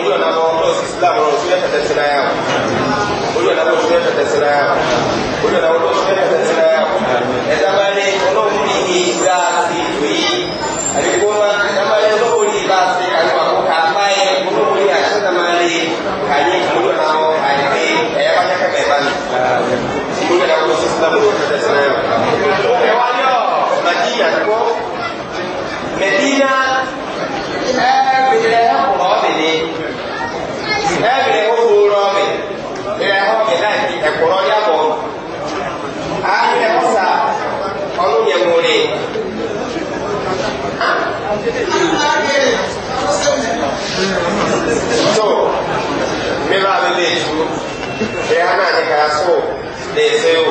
ojú ọ̀nà àwọn plus islam rọrùn sí ẹ̀fẹ̀ tẹ̀síra yà ojú ọ̀nà àwọn oṣù ẹ̀fẹ̀ tẹ̀síra yà ojú ọ̀nà àwọn oṣù ẹ̀fẹ̀ tẹ̀síra yà ẹ̀dá bá ní ọlọ́run ní ní ìgbà sí ìlú yìí àdìgbò máa ẹ̀dá bá ní ọlọ́run ní ìgbà sí àwọn àkókò àbáyé olóhùn ní àṣẹ́ta máa rí kàyé ojú ọ̀nà àwọn àyè ẹ̀yà bá kẹ́kẹ́ bá ní ojú ọ̀nà àwọn oṣù islam rọrùn sí ẹ̀fẹ̀ tẹ̀síra yà Medina ẹ̀ẹ́dì ni ó gbòòrò mi ilẹ̀ ẹ̀họ́ mi náà ti ẹ̀kọ́rọ́ yàgò ààrẹ ọ̀sà ọlọ́yẹ̀wò rè. so mímọ àmì lè tu ẹ̀yà náà ní kàá so lè ṣe o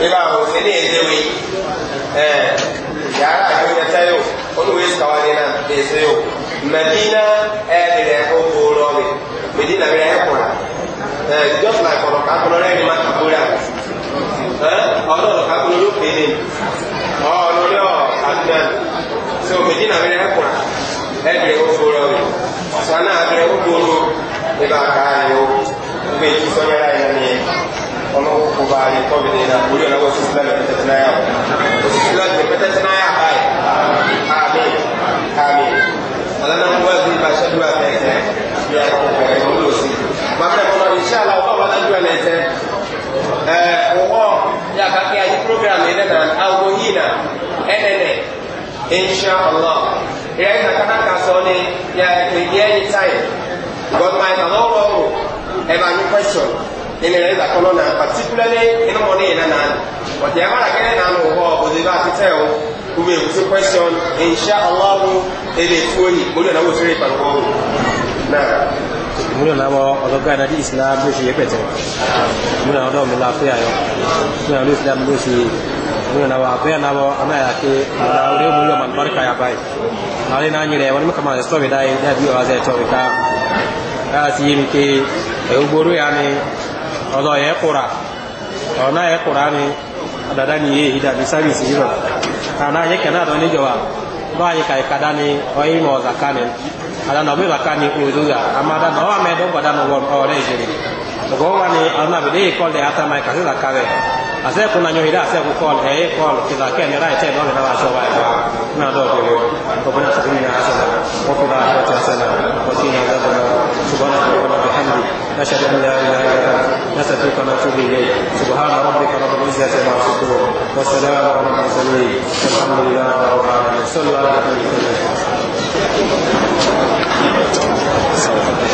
mímọ àwọn òfin ní èdè wí ẹ̀ yàrá àjọyọ̀ tẹ́lẹ̀ o olùwé sọ̀rọ̀ ní náà lè ṣe o mẹ̀dínà ẹ̀ẹ́dì rẹ̀ ó gbòòrò mi. within the airport. Uh, just like ọ̀rọ̀ kakolo rẹ̀ ni máa ń kúrò rà. ọ̀rọ̀ ọ̀rọ̀ kakolo yóò pè ní ọ̀rọ̀ ní ọ̀kadùnà. so within the airport ẹ̀dùrẹ̀ ó fòrò rẹ̀. ọ̀sán náà ẹ̀dùrẹ̀ ó fòrò nígbà káà ni ó gbé ìtú sọ́yẹ́rà yẹn ni ọlọ́wọ́ kò bá yẹ kọ́ bìnrin náà orí ọ̀nà wọ́n sísílẹ̀ lọ pẹ́tẹ́ náírà wọ́n sísílẹ̀ Inshallah, kọ̀kọ̀ ẹ̀ ló sí bàbá ẹ̀kọ́ iṣẹ́ àlà ọba wa lájú ẹ̀lẹ̀ tẹ ẹ̀ ọwọ́ ya kàkẹ́ ayé program yẹn náà àwọn yìí náà ẹ̀nẹ̀nẹ̀ insha allah ìyá yìí kàkà náà kà sọ ni ya kẹ̀kẹ́ ẹ̀yẹ question ene yɛrɛ da kɔnɔ particularly ene mɔ ne yɛrɛ naani wɔtɛ ɛma na kɛnɛ naani wɔ hɔ o de b'a ti question insha allahu ebe tuoni o nana o feere ìmúlò náà ọlọ́gbà náà di islam ló ṣe yẹpẹ̀tẹ̀ wá ìmúlò náà ló islam ló ṣe ìmúlò náà abẹ́ náà anáyà ké ọ̀la orí ìmúlò ọmọ àlùbáríkà yà báyìí àwọn iná nyìlẹ̀ wọn mú kàmá ẹ̀ sọ̀rọ̀ dáyé dáyé bí ọ̀hásẹ̀ tọ̀rọ̀ ká ni ọ̀dọ̀ yẹ kura ọ̀nà yẹ kura ni adada ni yé ìdá mi sábì sí yìí lọ àná yẹ kẹ́ náà dọ́ níjọ wa báyìí kàyíkadá ni ọ̀yìn mọ̀ ọ̀zàká ni ala na ɔbɛba ka ni ozuga ama da na ɔwa mɛ dɔ gbada no wɔn ɔwɔ dɛ izere ɔgɔ wa ni ɔna bi de yi kɔl de ata ma yi kasi la kawɛ ase kuna nyɔ yi de ase ku kɔl ɛyɛ kɔl kisa kɛ ni rai tɛ dɔ le na wa sɔ wa yi ba na dɔ de wo o bɛ na sɔ mi na ase la o ko ba a tɛ ase la o ti na ase la subahana ko kɔnɔ bi hami na sɛ dɛm la ilaha illa na sɛ tu kɔnɔ tu bi ye subahana rabbi kɔnɔ bi zɛ sɛ ma su ko wa salamu ala mursalin alhamdulilayi wa rahmatulahi sallu ala nabi そうだよね。